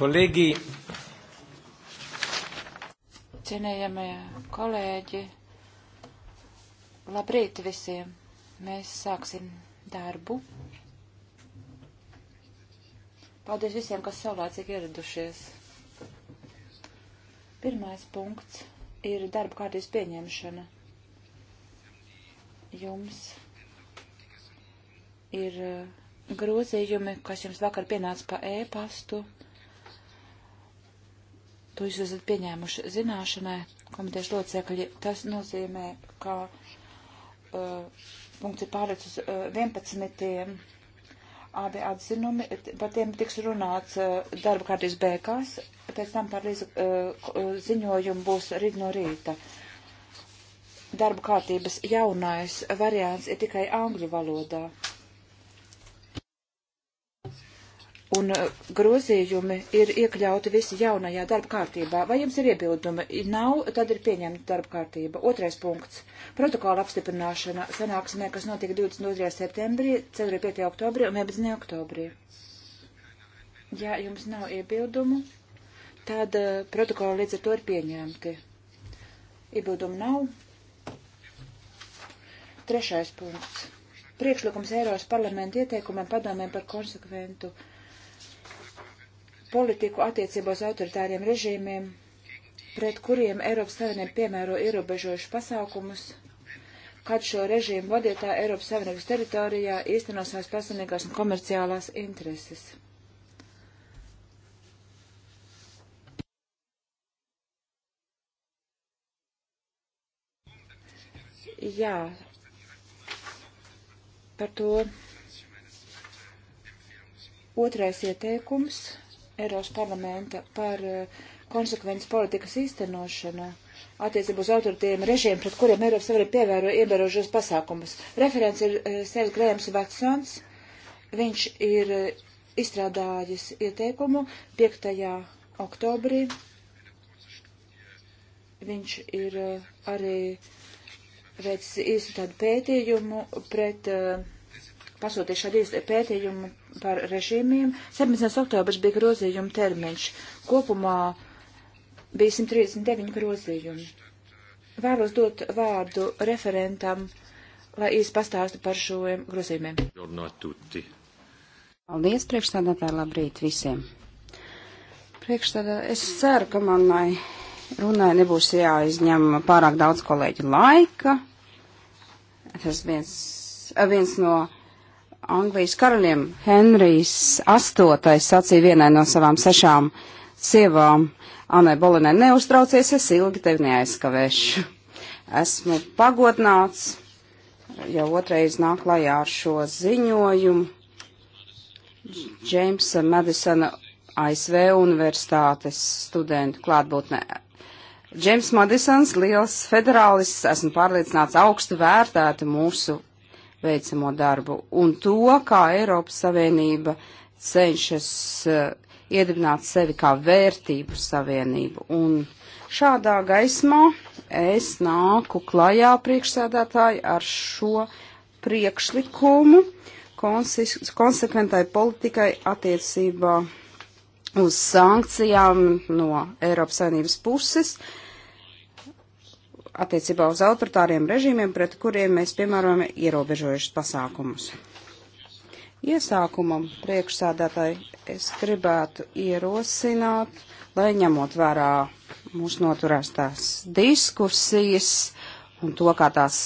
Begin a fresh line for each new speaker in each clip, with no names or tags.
kolēģi.
Cienējamie kolēģi, labrīt visiem. Mēs sāksim darbu. Paldies visiem, kas saulēcīgi ieradušies. Pirmais punkts ir darba kārtības pieņemšana. Jums ir eh, grozījumi, kas jums vakar pienāca pa e-pastu. To jūs esat pieņēmuši zināšanai, komitejas locekļi. Tas nozīmē, ka uh, punkts ir pārēc uz uh, 11. Abi atzinumi, par tiem tiks runāts uh, darba kārtības beigās, pēc tam par līdz, uh, uh, ziņojumu būs rīt no rīta. Darba kārtības jaunais variants ir tikai angļu valodā. un e, grozījumi ir iekļauti visi jaunajā darba kārtībā. Vai jums ir iebildumi? Nav, tad ir pieņemta darba kārtība. Otrais punkts. Protokola apstiprināšana sanāksmē, kas notika 22. septembrī, 4. 5. oktobrī un 11. oktobrī. Ja jums nav iebildumu, tad e, protokola līdz ar to ir pieņemti. Iebildumu nav. Trešais punkts priekšlikums Eiropas parlamenta ieteikumam padomēm par konsekventu politiku attiecībā uz autoritāriem režīmiem, pret kuriem Eiropas Savienība piemēro ierobežojuši pasākumus, kad šo režīmu vadītā Eiropas Savienības teritorijā īsteno savas personīgās un komerciālās intereses. Jā, par to otrais ieteikums Eiropas parlamenta par eh, konsekvences politikas īstenošanu attiecību uz autoritīviem režīmiem, pret kuriem Eiropas Savienība pievēro ievērošos pasākumus. Referents ir eh, Sērs Grēms Vatsons. Viņš ir eh, izstrādājis ieteikumu 5. oktobrī. Viņš ir arī veicis īstu tādu pētījumu pret pasūtīju šādu pētījumu par režīmiem. 17. oktobrs bija grozījuma termiņš. Kopumā bija 139 grozījumi. Vēlos dot vārdu referentam, lai īsti pastāstu par šiem grozījumiem.
Paldies, priekšstādātāji, labrīt visiem. Priekšstādā, es ceru, ka manai runai nebūs jāizņem pārāk daudz kolēģu laika. Tas viens, viens no Anglijas karaļiem Henrijs VIII sacīja vienai no savām sešām sievām, Anai Bolinai, neuztraucies, es ilgi tevi neaizskavēšu. Esmu pagodināts, jau otrais nāk lajā ar šo ziņojumu. Džeimsa Madisona ASV universitātes studentu klātbūtnē. Džeims Madisons, liels federālists, esmu pārliecināts augstu vērtētu mūsu veicamo darbu un to, kā Eiropas Savienība cenšas eh, iedibināt sevi kā vērtību savienību. Un šādā gaismā es nāku klajā priekšsēdētāji ar šo priekšlikumu konsekventai politikai attiecībā uz sankcijām no Eiropas Savienības puses. Uh, attiecībā uz autoritāriem režīmiem, pret kuriem mēs piemērojam ierobežojušas pasākumus. Iesākumam priekšsādātāji es gribētu ierosināt, lai ņemot vērā mūsu noturēs tās diskusijas un to, kā tās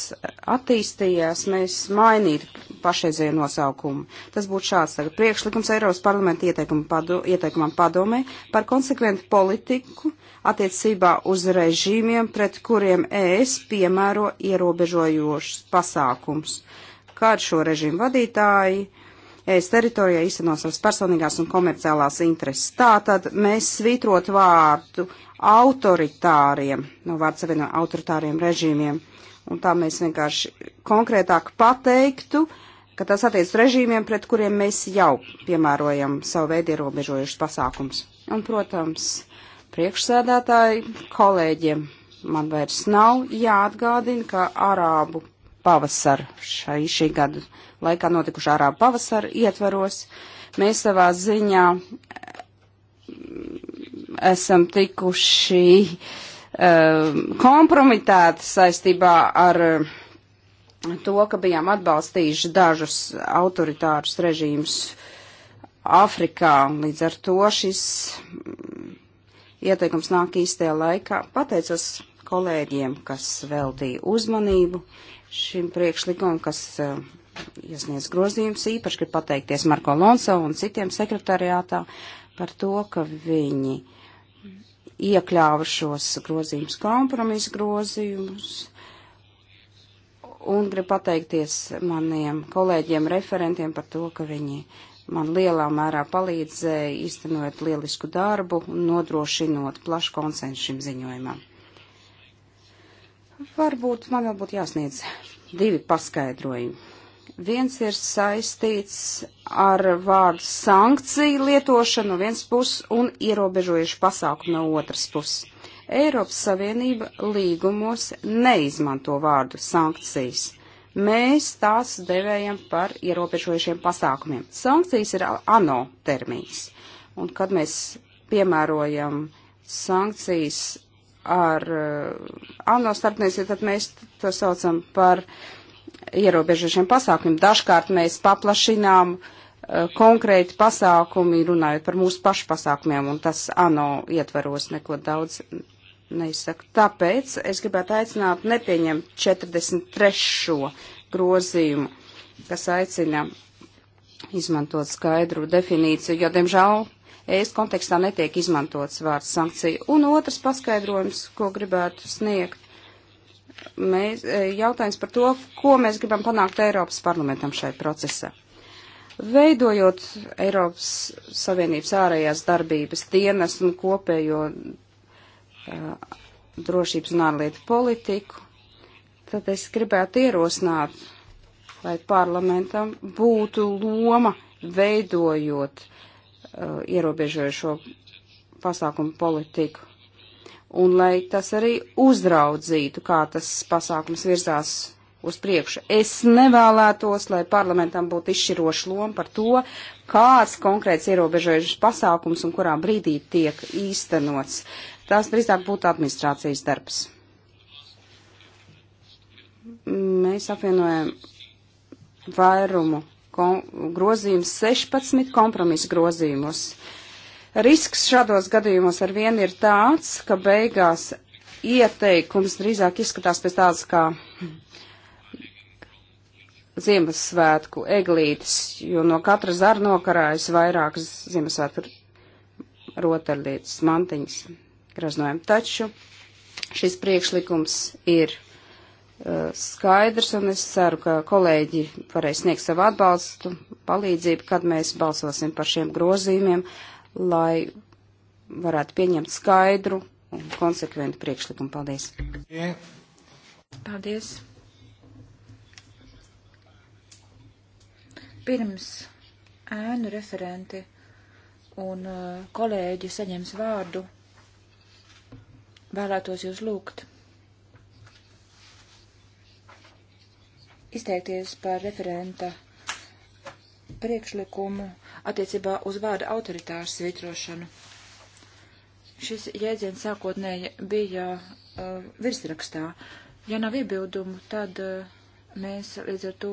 attīstījās, mēs mainītu pašreizēju nosaukumu. Tas būtu šāds tagad priekšlikums Eiropas parlamenta ieteikuma padu, ieteikumam padomē par konsekventu politiku attiecībā uz režīmiem, pret kuriem ES piemēro ierobežojošus pasākums, kā ar šo režīmu vadītāji ES teritorijā īsteno savas personīgās un komerciālās intereses. Tātad mēs svītrot vārdu autoritāriem, no vārds savienojam no autoritāriem režīmiem, un tā mēs vienkārši konkrētāk pateiktu, ka tas attiec režīmiem, pret kuriem mēs jau piemērojam savu veidu ierobežojušas pasākums. Un, protams, priekšsēdētāji, kolēģiem. Man vairs nav jāatgādina, ka arābu pavasara šai šī gada laikā notikušā arābu pavasara ietvaros mēs savā ziņā mm, esam tikuši um, kompromitēti saistībā ar eh, to, ka bijām atbalstījuši dažus autoritārus režīmus Āfrikā. Līdz ar to šis mm, Ieteikums nāk īstajā laikā. Pateicos kolēģiem, kas veltīja uzmanību šim priekšlikumam, kas uh, iesniedz grozījums. Īpaši gribu pateikties Marko Lonso un citiem sekretariātā par to, ka viņi iekļāva šos grozījumus kompromisu grozījumus. Un gribu pateikties maniem kolēģiem referentiem par to, ka viņi man lielā mērā palīdzēja iztenot lielisku darbu un nodrošinot plašu konsensu šim ziņojumam. Varbūt man vēl būtu jāsniedz divi paskaidrojumi. Viens ir saistīts ar vārdu sankciju lietošanu no vienas puses un ierobežojuši pasākumu no otras puses. Eiropas Savienība līgumos neizmanto vārdu sankcijas mēs tās devējam par ierobežojušiem pasākumiem. Sankcijas ir ANO termīns, un kad mēs piemērojam sankcijas ar uh, ANO starpniecību, tad mēs to saucam par ierobežojušiem pasākumiem. Dažkārt mēs paplašinām uh, konkrēti pasākumi, runājot par mūsu pašu pasākumiem, un tas ANO ietvaros neko daudz neizsaka. Tāpēc es gribētu aicināt nepieņemt 43. grozījumu, kas aicina izmantot skaidru definīciju, jo, diemžēl, es kontekstā netiek izmantots vārds sankcija. Un otrs paskaidrojums, ko gribētu sniegt, mēs, e, jautājums par to, ko mēs gribam panākt Eiropas parlamentam šai procesā. Veidojot Eiropas Savienības ārējās darbības dienas un kopējo Uh, drošības un ārlietu politiku, tad es gribētu ierosināt, lai parlamentam būtu loma veidojot uh, ierobežojošo pasākumu politiku. Un lai tas arī uzraudzītu, kā tas pasākums virzās uz priekšu. Es nevēlētos, lai parlamentam būtu izšķiroša loma par to, kāds konkrēts ierobežojušs pasākums un kurā brīdī tiek īstenots. Uh, Tās drīzāk būtu administrācijas darbs. Mēs apvienojam vairumu grozījumus, 16 kompromisu grozījumus. Risks šādos gadījumos ar vienu ir tāds, ka beigās ieteikums drīzāk izskatās pēc tāds kā Ziemassvētku eglītes, jo no katra zara nokarājas vairākas Ziemassvētku rotaļlietas, mantiņas graznojam. Taču šis priekšlikums ir uh, skaidrs, un es ceru, ka kolēģi varēs sniegt savu atbalstu, palīdzību, kad mēs balsosim par šiem grozījumiem, lai varētu pieņemt skaidru un konsekventu priekšlikumu. Paldies!
Paldies! Pirms ēnu referenti un uh, kolēģi saņems vārdu vēlētos jūs lūgt izteikties par referenta priekšlikumu attiecībā uz vārdu autoritāru svītrošanu. Šis jēdziens sākotnēji bija uh, virsrakstā. Ja nav iebildumu, tad uh, mēs līdz ar to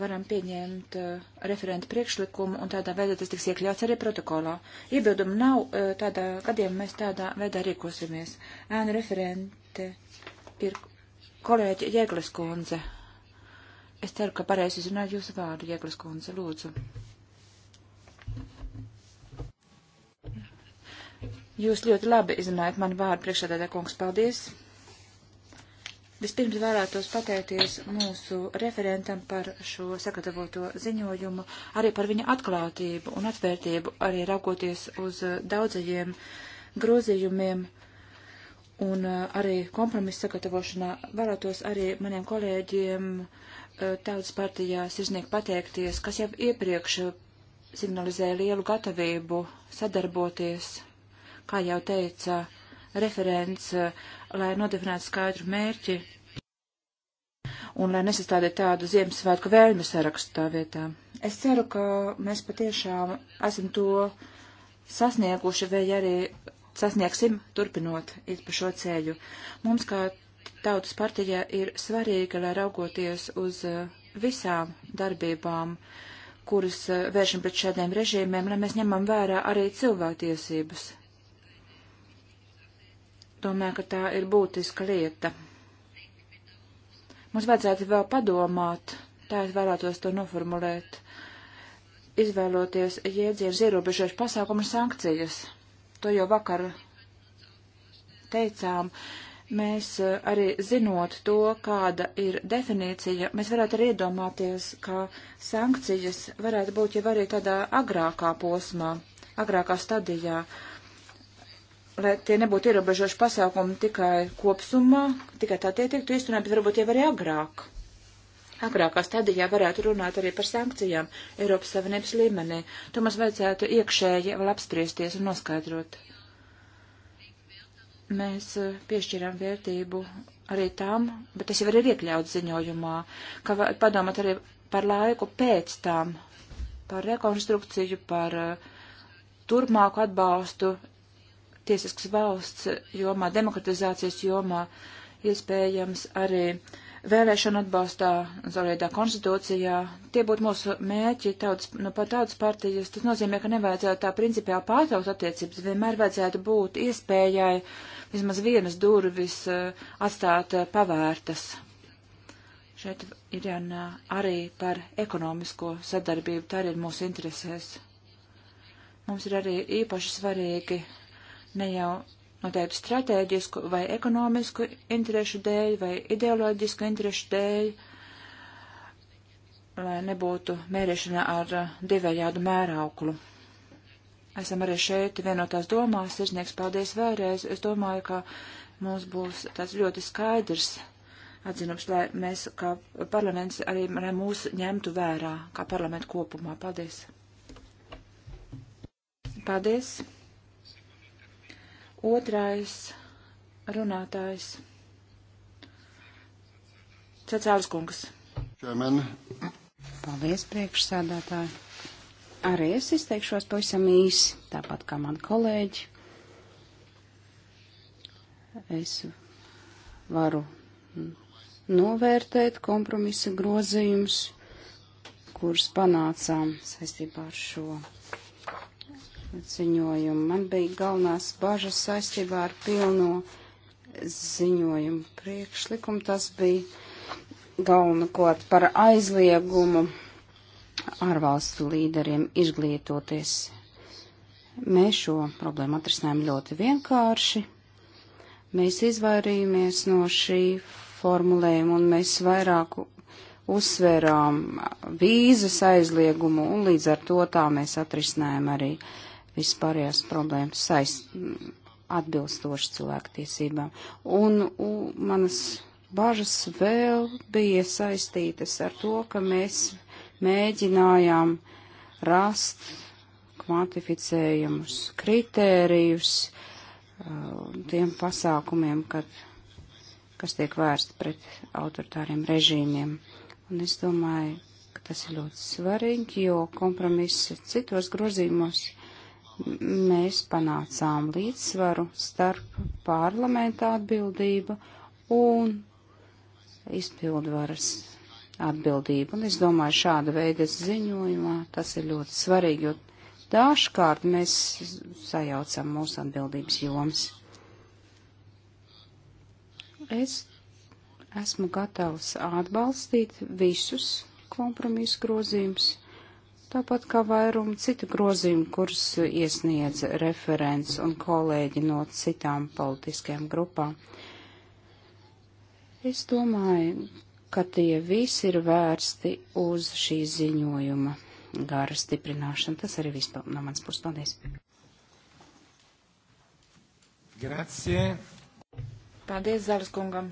varam pieņemt uh, eh, referentu priekšlikumu, un tādā veidā tas tiks iekļauts arī protokolā. Iebildumu nav, uh, tādā gadījumā mēs tādā veidā rīkosimies. Ēnu referente ir kolēģi Jēglas kundze. Es ceru, ka pareizi izrunāju jūsu vārdu, Jēglas kundze, lūdzu. Jūs ļoti labi izrunājat manu vārdu priekšādā kungs, paldies. Vispirms vēlētos pateikties mūsu referentam par šo sagatavoto ziņojumu, arī par viņa atklātību un atvērtību, arī raugoties uz uh, daudzajiem grozījumiem un uh, arī kompromisu sagatavošanā. Vēlētos arī maniem kolēģiem uh, tautas partijā sirsnīgi pateikties, kas jau iepriekš signalizēja lielu gatavību sadarboties, kā jau teica referents, eh, lai nodefinētu skaidru mērķi un lai nesastādītu tādu Ziemassvētku vēlmu sarakstu tā vietā. Es ceru, ka mēs patiešām esam to sasnieguši vai arī sasniegsim turpinot iet pa šo ceļu. Mums kā tautas partijā ir svarīgi, lai raugoties uz eh, visām darbībām, kuras eh, vēršam pret šādiem režīmiem, lai mēs ņemam vērā arī cilvēktiesības Domāju, ka tā ir būtiska lieta. Mums vajadzētu vēl padomāt, tā es vēlētos to noformulēt, izvēloties jēdzienas ierobežojuši pasākumu sankcijas. To jau vakar teicām. Mēs eh, arī zinot to, kāda ir definīcija, mēs varētu arī iedomāties, ka sankcijas varētu būt jau arī tādā agrākā posmā, agrākā stadijā. Uh, lai tie nebūtu ierobežoši pasākumi tikai kopsumā, tikai tā tie tiktu īstenot, bet varbūt jau arī agrāk. Agrākā stadijā varētu runāt arī par sankcijām Eiropas Savienības līmenī. To mums vajadzētu iekšēji vēl apspriesties un noskaidrot. Mēs eh, piešķiram vērtību arī tām, bet tas jau ir iekļauts ziņojumā, ka padomāt arī par laiku pēc tām, par rekonstrukciju, par eh, turpmāku atbalstu tiesiskas valsts jomā, demokratizācijas jomā, iespējams arī vēlēšana atbalstā, zaļajā konstitūcijā. Tie būtu mūsu mērķi tautas, nu, pat tautas partijas. Tas nozīmē, ka nevajadzētu tā principiāli pārtraukt attiecības, vienmēr vajadzētu būt iespējai vismaz vienas durvis eh, atstāt eh, pavērtas. Šeit ir jānā arī par ekonomisko sadarbību, tā arī ir mūsu interesēs. Mums ir arī īpaši svarīgi ne jau noteiktu stratēģisku vai ekonomisku interešu dēļ vai ideoloģisku interešu dēļ, lai nebūtu mērīšana ar uh, divējādu mērauklu. Esam arī šeit vienotās domās, sirsnieks paldies vēlreiz. Es domāju, ka mums būs tāds ļoti skaidrs atzinums, lai mēs kā parlaments arī lai mūs ņemtu vērā, kā parlamentu kopumā. Paldies! Paldies! Otrais
runātājs. Cecālis kungs. Čemen. Paldies, priekšsēdētāji. Arī es izteikšos pavisam īsi, tāpat kā mani kolēģi. Es varu novērtēt kompromisa grozījumus, kurus panācām saistībā ar šo ziņojumu. Man bija galvenās bažas saistībā ar pilno ziņojumu priekšlikumu. Tas bija galvenokārt par aizliegumu ārvalstu līderiem izglītoties. Mēs šo problēmu atrisinājām ļoti vienkārši. Mēs izvairījāmies no šī formulējuma un mēs vairāk uzsvērām vīzas aizliegumu un līdz ar to tā mēs atrisinājām arī uh, vispārējās problēmas saist, mm, atbilstoši cilvēktiesībām. Un, un manas bažas vēl bija saistītas ar to, ka mēs mēģinājām rast kvantificējumus, kritērijus uh, tiem pasākumiem, kad, kas tiek vērsti pret autoritāriem režīmiem. Un es domāju, ka tas ir ļoti svarīgi, jo kompromiss citos grozījumos mēs panācām līdzsvaru starp parlamenta atbildību un izpildvaras atbildību. Un es domāju, šāda veida ziņojumā tas ir ļoti svarīgi, jo dažkārt mēs sajaucam mūsu atbildības jomas. Es esmu gatavs atbalstīt visus kompromisu grozījumus tāpat kā vairumu citu grozījumu, kurus iesniedz referents un kolēģi no citām politiskajām grupām. Es domāju, ka tie visi ir vērsti uz šī ziņojuma gara stiprināšanu. Tas arī viss no manas puses. Paldies!
Grazie!
Paldies Zāles kungam!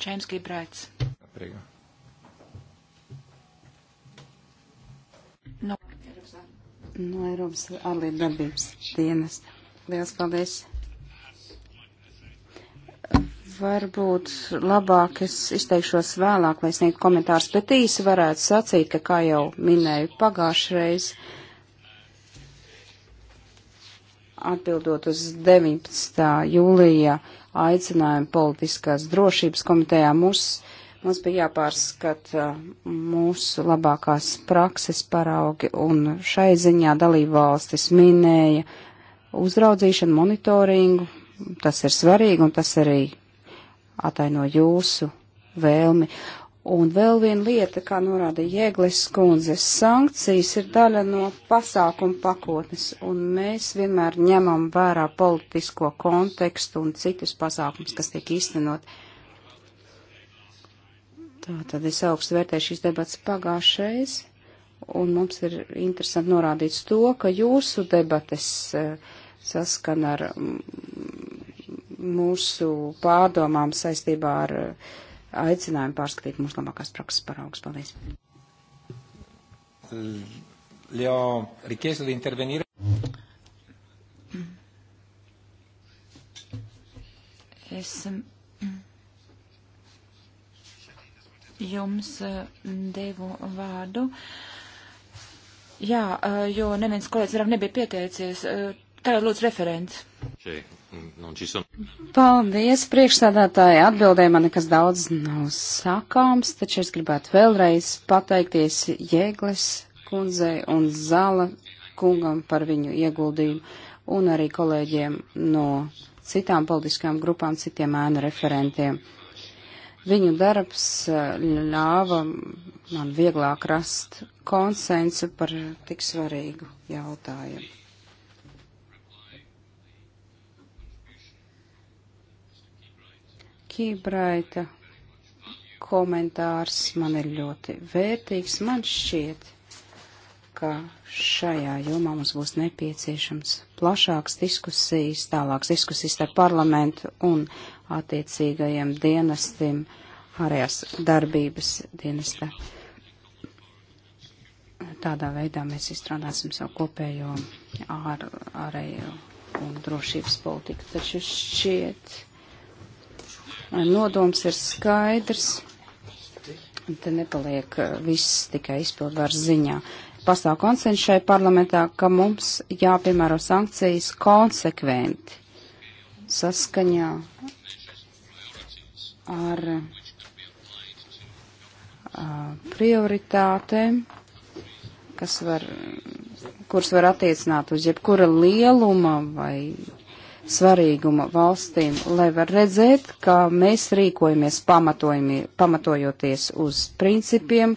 Čēmskī
Braits. Priega. no Eiropas ārlietu darbības dienas. Liels paldies! Varbūt labāk es izteikšos vēlāk, lai sniegtu komentārus, bet īsi varētu sacīt, ka, kā jau minēju pagājušreiz, atbildot uz 19. jūlija aicinājumu politiskās drošības komitejā, mūsu Mums bija jāpārskata uh, mūsu labākās prakses paraugi, un šai ziņā dalībvalstis minēja uzraudzīšanu, monitoringu. Tas ir svarīgi, un tas arī ataino jūsu vēlmi. Un vēl viena lieta, kā norādīja Jēglis skundze, sankcijas ir daļa no pasākuma pakotnes, un mēs vienmēr ņemam vērā politisko kontekstu un citus pasākums, kas tiek īstenot. Tā tad es augstu vērtēju šīs debats pagājušreiz, un mums ir interesanti norādīts to, ka jūsu debates eh, saskan ar mm, mūsu pārdomām saistībā ar eh, aicinājumu pārskatīt mūsu labākās prakses paraugus. Paldies!
Eh, Le ho richiesto di intervenire.
Es jums eh, devu vārdu. Jā, eh, jo neviens kolēģis varam nebija pieteicies. Eh, tagad lūdzu referents.
Mm, nu,
Paldies, priekšsādātāji. Atbildēja man nekas daudz nav sakāms, taču es gribētu vēlreiz pateikties Jēgles kundzei un Zala kungam par viņu ieguldījumu un arī kolēģiem no citām politiskām grupām, citiem ēnu referentiem. Viņu darbs eh, ļāva man vieglāk rast konsensu par tik svarīgu jautājumu. Kībraita komentārs man ir ļoti vērtīgs. Man šķiet, ka šajā jomā mums būs nepieciešams plašāks diskusijas, tālāks diskusijas ar parlamentu un attiecīgajiem dienestim, ārējās darbības dienesta. Tādā veidā mēs izstrādāsim savu kopējo ār, ārējo un drošības politiku. Taču šķiet, nodoms ir skaidrs. Te nepaliek eh, viss tikai izpildvaras ziņā pastāv konsensus šai parlamentā, ka mums jāpiemēro sankcijas konsekventi saskaņā ar uh, prioritātēm, kas var, kuras var attiecināt uz jebkura lieluma vai svarīguma valstīm, lai var redzēt, ka mēs rīkojamies pamatojoties uz principiem,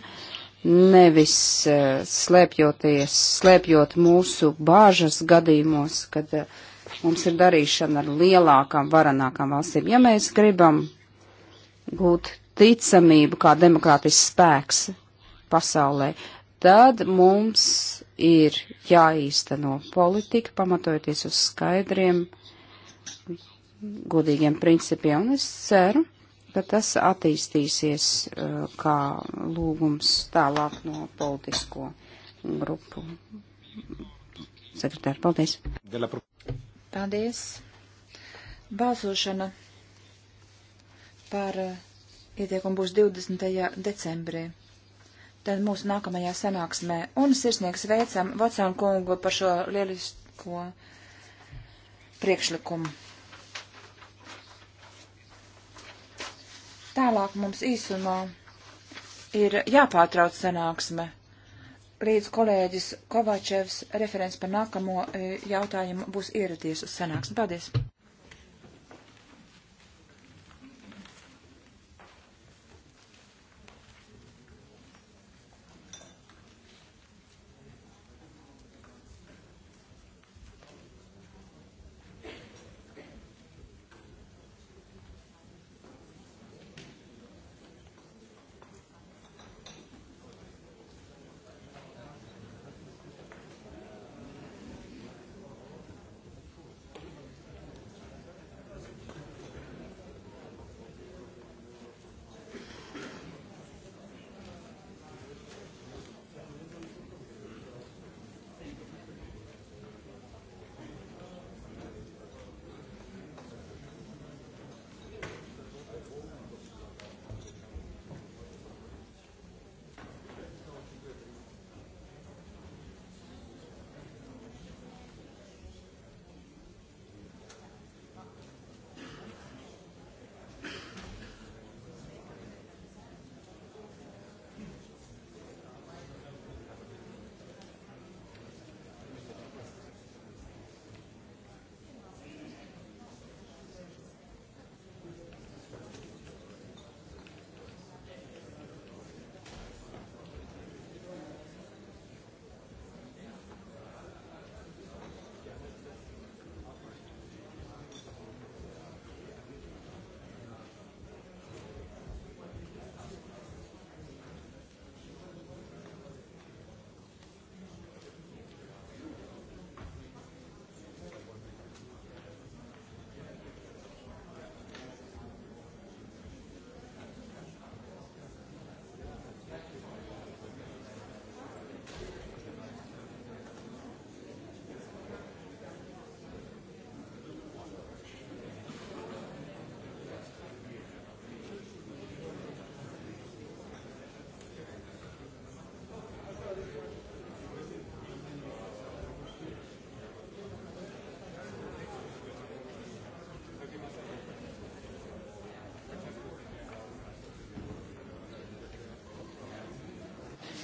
nevis uh, slēpjoties, slēpjot mūsu bāžas gadījumos, kad uh, mums ir darīšana ar lielākām, varanākām valstīm. Ja mēs gribam gūt ticamību kā demokrātisks spēks pasaulē, tad mums ir jāīsteno politika, pamatojoties uz skaidriem, godīgiem principiem, un es ceru, ka tas attīstīsies uh, kā lūgums tālāk no politisko grupu. Sekretāri, paldies!
Paldies! Balsošana par eh, ieteikumu būs 20. decembrī. Tad mūsu nākamajā sanāksmē. Un sirsnieks veicam Vatsānu kungu par šo lielisko priekšlikumu. Tālāk mums īsumā ir jāpārtrauc sanāksme līdz kolēģis Kovačevs referents par nākamo eh, jautājumu būs ieradies uz sanāksmi. Paldies!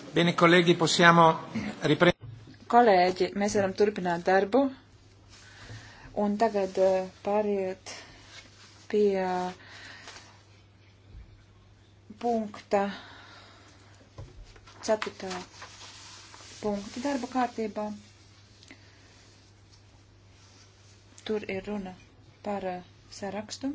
Bene, kolēģi, possiamo riprendere.
Kolēģi, mēs varam turpināt darbu. Un tagad eh, pāriet pie punkta ceturtā punkta darba kārtībā. Tur ir runa par eh, sarakstu,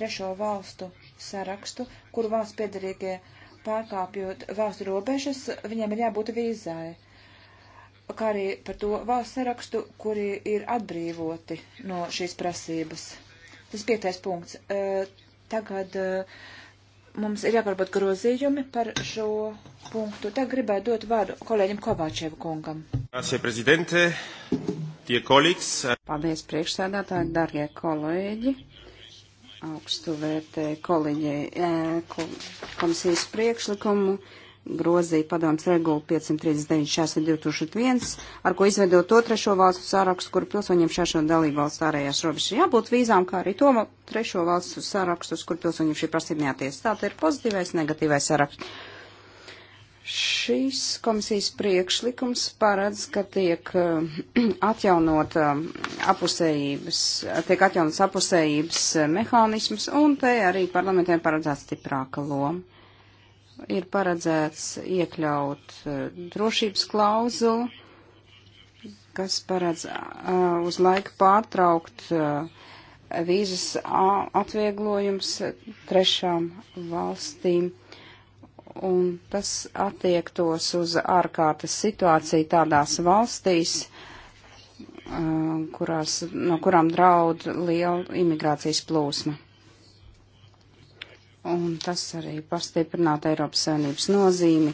trešo valstu sarakstu, kuru valsts piedarīgie pārkāpjot valsts robežas, viņiem ir jābūt vīzai, kā arī par to valsts sarakstu, kuri ir atbrīvoti no šīs prasības. Tas piektais punkts. E, tagad e, mums ir jākarbūt grozījumi par šo punktu. Tagad gribētu
dot vārdu kolēģim Kovāčevu kungam. Uh, Paldies, priekšsēdētāji, dargie kolēģi augstu vērtēju kolēģi e, komisijas priekšlikumu grozīja padoms regulu 539.2001, ar ko izveidot to trešo valstu sārakstu, kur pilsoņiem šāšo dalību valsts ārējās robežas ir jābūt vīzām, kā arī to trešo valstu sārakstus, kur pilsoņiem šī prasība neaties. Tātad ir pozitīvais, negatīvais saraksts. Šīs komisijas priekšlikums paredz, ka tiek eh, atjaunot eh, apusējības, tiek atjaunots apusējības eh, mehānisms, un te arī parlamentiem paredzēts stiprāka loma. Ir paredzēts iekļaut drošības klauzulu, kas paredz uz laiku pārtraukt vīzas atvieglojums trešām valstīm un tas attiektos uz ārkārtas situāciju tādās valstīs, kurās, no kurām draud liela imigrācijas plūsma. Un tas arī pastiprinātu Eiropas Savienības nozīmi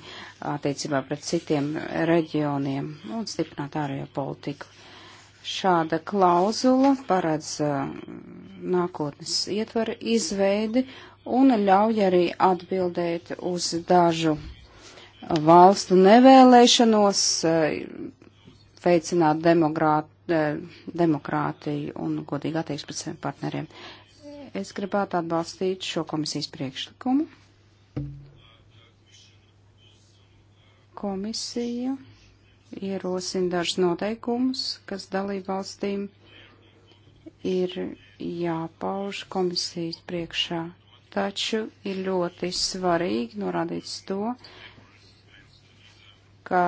attiecībā pret citiem reģioniem un stiprinātu ārējo politiku. Šāda klauzula paredz nākotnes ietvaru izveidi un ļauj arī atbildēt uz dažu valstu nevēlēšanos eh, veicināt demokrāt, eh, demokrātiju un godīgu attieksmi pret saviem partneriem. Es gribētu atbalstīt šo komisijas priekšlikumu. Komisija ierosina dažus noteikumus, kas dalību valstīm ir jāpauž komisijas priekšā taču ir ļoti svarīgi norādīts to, ka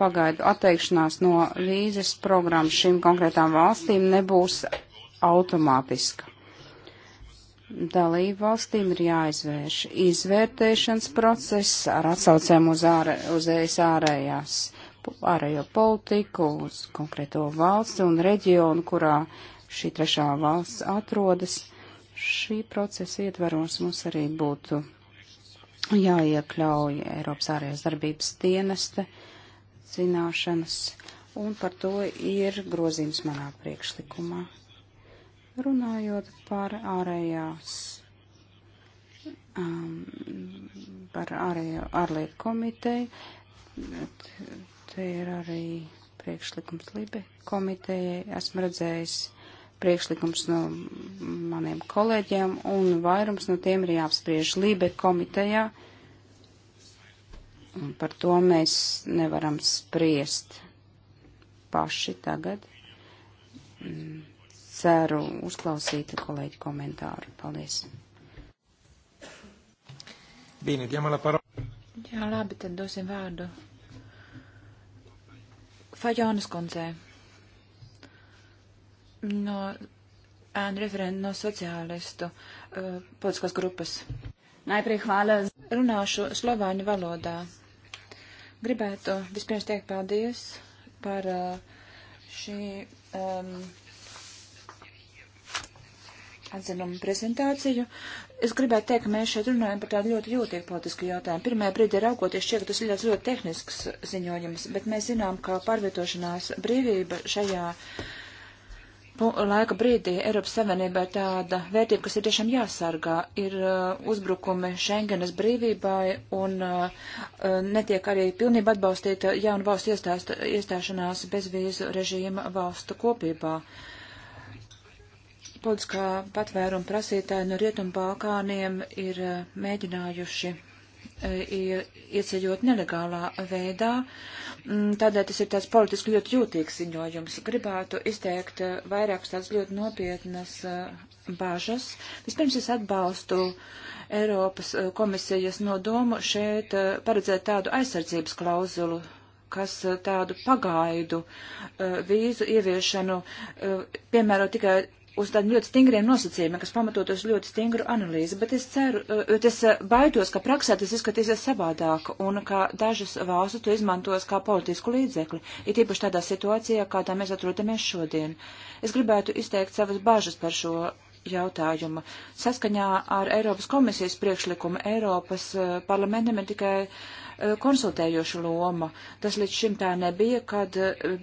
pagaidu atteikšanās no vīzes programmas šīm konkrētām valstīm nebūs automātiska. Dalību valstīm ir jāizvērš izvērtēšanas process ar atsaucēm uz, ārē, uz ES ārējās, ārējo politiku, uz konkrēto valsti un reģionu, kurā šī trešā valsts atrodas. Šī procesa ietvaros mums arī būtu jāiekļauj Eiropas ārējās darbības dienesta zināšanas, un par to ir grozījums manā priekšlikumā. Runājot par ārējās, um, par ārējo ārlietu komiteju, te ir arī priekšlikums Libe komitejai, esmu redzējis priekšlikums no maniem kolēģiem, un vairums no tiem ir jāapspriež Lībe komitejā. Un par to mēs nevaram spriest paši tagad. Mm, ceru uzklausīt kolēģi komentāru. Paldies.
Bīni, diamala parola.
Jā, labi, tad dosim vārdu. Fajonas koncē no ēnu referenta no sociālistu uh, politiskās grupas. Naipriek hvala. Runāšu slovāņu valodā. Gribētu vispirms teikt paldies par uh, šī um, atzinuma prezentāciju. Es gribētu teikt, ka mēs šeit runājam par tādu ļoti jūtīgu politisku jautājumu. Pirmajā brīdī raugoties šķiet, ka tas ir ļoti, ļoti tehnisks ziņojums, bet mēs zinām, ka pārvietošanās brīvība šajā uh, laika brīdī Eiropas Savienībā ir tāda vērtība, kas ir tiešām jāsargā. Ir uh, uzbrukumi Schengenas brīvībai un uh, uh netiek arī pilnībā atbalstīta jauna valsts iestāst, iestāšanās bezvīzu režīma valstu kopībā. Politiskā patvēruma prasītāji no Rietumbalkāniem ir uh, mēģinājuši ir ieceļot nelegālā veidā. Mm, tādēļ tas ir tāds politiski ļoti jūtīgs ziņojums. Gribētu izteikt eh, vairākas tādas ļoti nopietnas eh, bažas. Vispirms es atbalstu Eiropas eh, komisijas nodomu šeit paredzēt tādu aizsardzības klauzulu kas tādu pagaidu vīzu ieviešanu piemēro tikai uz tādiem ļoti stingriem nosacījumiem, kas pamatotos ļoti stingru analīzi, bet es ceru, eh, es eh, baidos, ka praksē tas izskatīsies savādāk un ka dažas valstis to izmantos kā politisku līdzekli, ir īpaši tādā situācijā, kādā mēs atrodamies šodien. Es gribētu izteikt savas bažas par šo jautājumu. Saskaņā ar Eiropas komisijas priekšlikumu Eiropas eh, parlamentam ir tikai konsultējoša loma. Tas līdz šim tā nebija, kad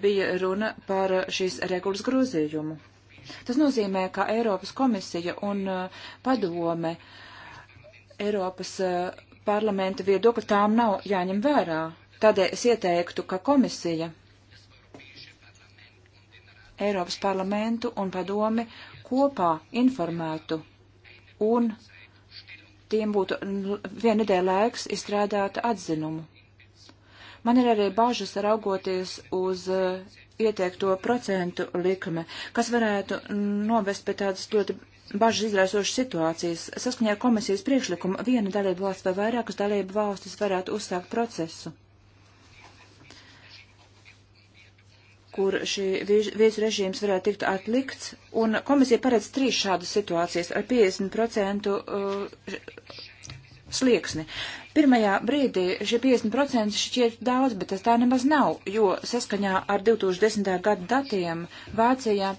bija runa par šīs regulas grozījumu. Tas nozīmē, ka Eiropas komisija un uh, padome Eiropas uh, parlamenta viedokli tām nav jāņem vērā. Tādēļ es ieteiktu, ka komisija Eiropas parlamentu un padomi kopā informētu un tiem būtu viena nedēļa laiks izstrādāt atzinumu. Man ir arī bažas raugoties uz uh, ieteikto procentu likme, kas varētu novest pie tādas ļoti bažas izraisošas situācijas. Saskaņā ar komisijas priekšlikumu viena dalība valsts vai vairākas dalība valstis varētu uzsākt procesu, kur šī vīzu režīms varētu tikt atlikts, un komisija paredz trīs šādas situācijas ar 50% slieksni. Pirmajā brīdī šie 50% šķiet daudz, bet tas tā nemaz nav, jo saskaņā ar 2010. gada datiem Vācijā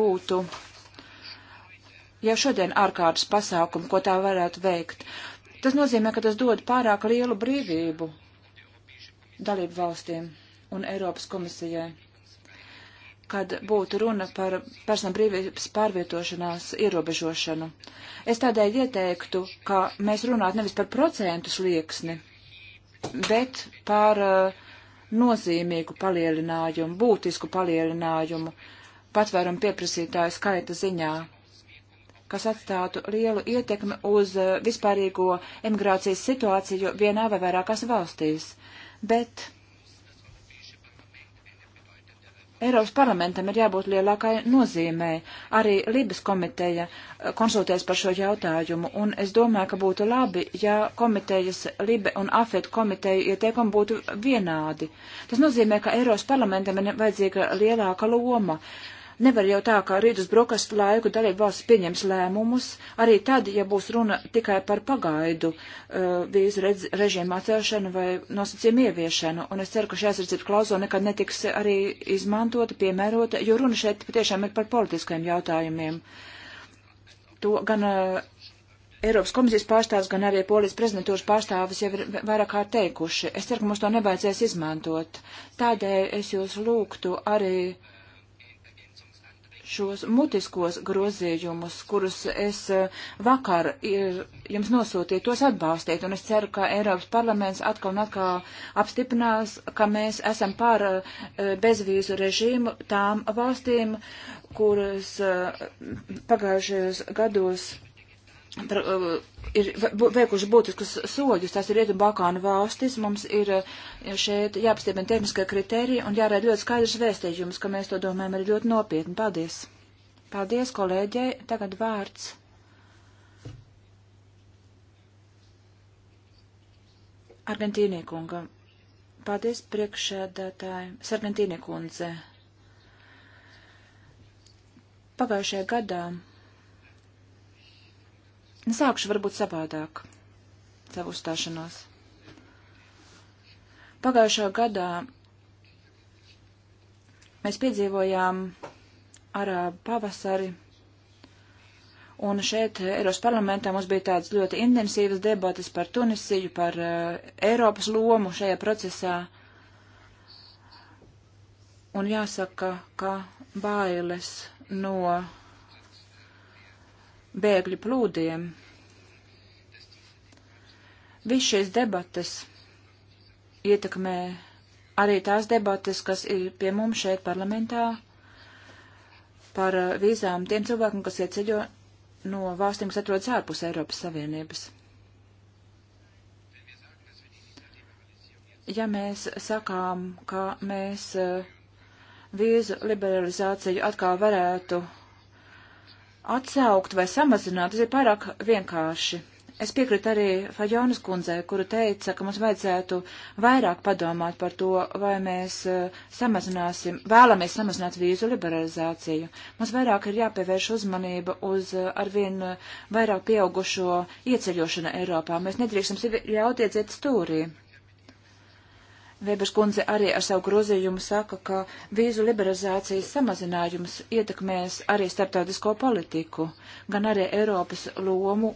būtu jau šodien ārkārtas pasākumu, ko tā varētu veikt. Tas nozīmē, ka tas dod pārāk lielu brīvību dalību valstīm un Eiropas komisijai kad būtu runa par personu brīvības pārvietošanās ierobežošanu. Es tādēļ ieteiktu, ka mēs runātu nevis par procentu slieksni, bet par uh, nozīmīgu palielinājumu, būtisku palielinājumu patvērumu pieprasītāju skaita ziņā, kas atstātu lielu ietekmi uz uh, vispārīgo emigrācijas situāciju vienā vai vairākās valstīs. Bet Eiropas parlamentam ir jābūt lielākai nozīmē. Arī Libas komiteja eh, konsultēs par šo jautājumu, un es domāju, ka būtu labi, ja komitejas Libe un Afet komiteja ieteikumi būtu vienādi. Tas nozīmē, ka Eiropas parlamentam ir vajadzīga lielāka loma. Uh, Nevar jau tā, ka rīt uz brokastu laiku dalība valsts pieņems lēmumus, arī tad, ja būs runa tikai par pagaidu uh, vīzu režīmu atcelšanu vai nosacījumu ieviešanu. Un es ceru, ka šī aizsardzības klauzula nekad netiks arī izmantota, piemērota, jo runa šeit patiešām ir par politiskajiem jautājumiem. To gan uh, Eiropas komisijas pārstāvs, gan arī polijas prezidentūras pārstāvis jau ir vairāk kā teikuši. Es ceru, ka mums to nevajadzēs izmantot. Tādēļ es jūs lūgtu arī šos mutiskos grozījumus, kurus es eh, vakar ir, jums nosūtīju, tos atbalstīt, un es ceru, ka Eiropas parlaments atkal un atkal apstiprinās, ka mēs esam pār eh, bezvīzu režīmu tām valstīm, kuras eh, pagājušajos gados par, uh, ir veikuši būtiskus soļus, tās ir Rietumbalkānu valstis, mums ir uh, šeit jāpastiepina tehniskie kriteriji un jārēd ļoti skaidrs vēstījums, ka mēs to domājam arī ļoti nopietni. Paldies! Paldies, kolēģei! Tagad vārds. Argentīniekungam. Paldies, priekšēdētāji. Sargentīniekundze. Pagājušajā gadā Nu, sākšu varbūt savādāk savu uzstāšanos. Pagājušā gadā mēs piedzīvojām arābu pavasari, un šeit Eiropas parlamentā mums bija tādas ļoti intensīvas debatas par Tunisiju, par uh, Eiropas lomu šajā procesā. Un jāsaka, ka bailes no bēgļu plūdiem Viss šīs debates ietekmē arī tās debates, kas ir pie mums šeit parlamentā par uh, vīzām tiem cilvēkiem, kas ieceļo no valstīm, kas atrodas ārpus Eiropas Savienības. Ja mēs sakām, ka mēs uh, vīzu liberalizāciju atkal varētu atsaukt vai samazināt, tas ir pārāk vienkārši Es piekrītu arī Fajonas kundzē, kura teica, ka mums vajadzētu vairāk padomāt par to, vai mēs eh, samazināsim, vēlamies samazināt vīzu liberalizāciju. Mums vairāk ir jāpievērš uzmanība uz eh, arvien eh, vairāk pieaugušo ieceļošanu Eiropā. Mēs nedrīkstam sevi ļaut iedzēt stūrī. Vēbers kundze arī ar savu grozījumu saka, ka vīzu liberalizācijas samazinājums ietekmēs arī starptautisko politiku, gan arī Eiropas lomu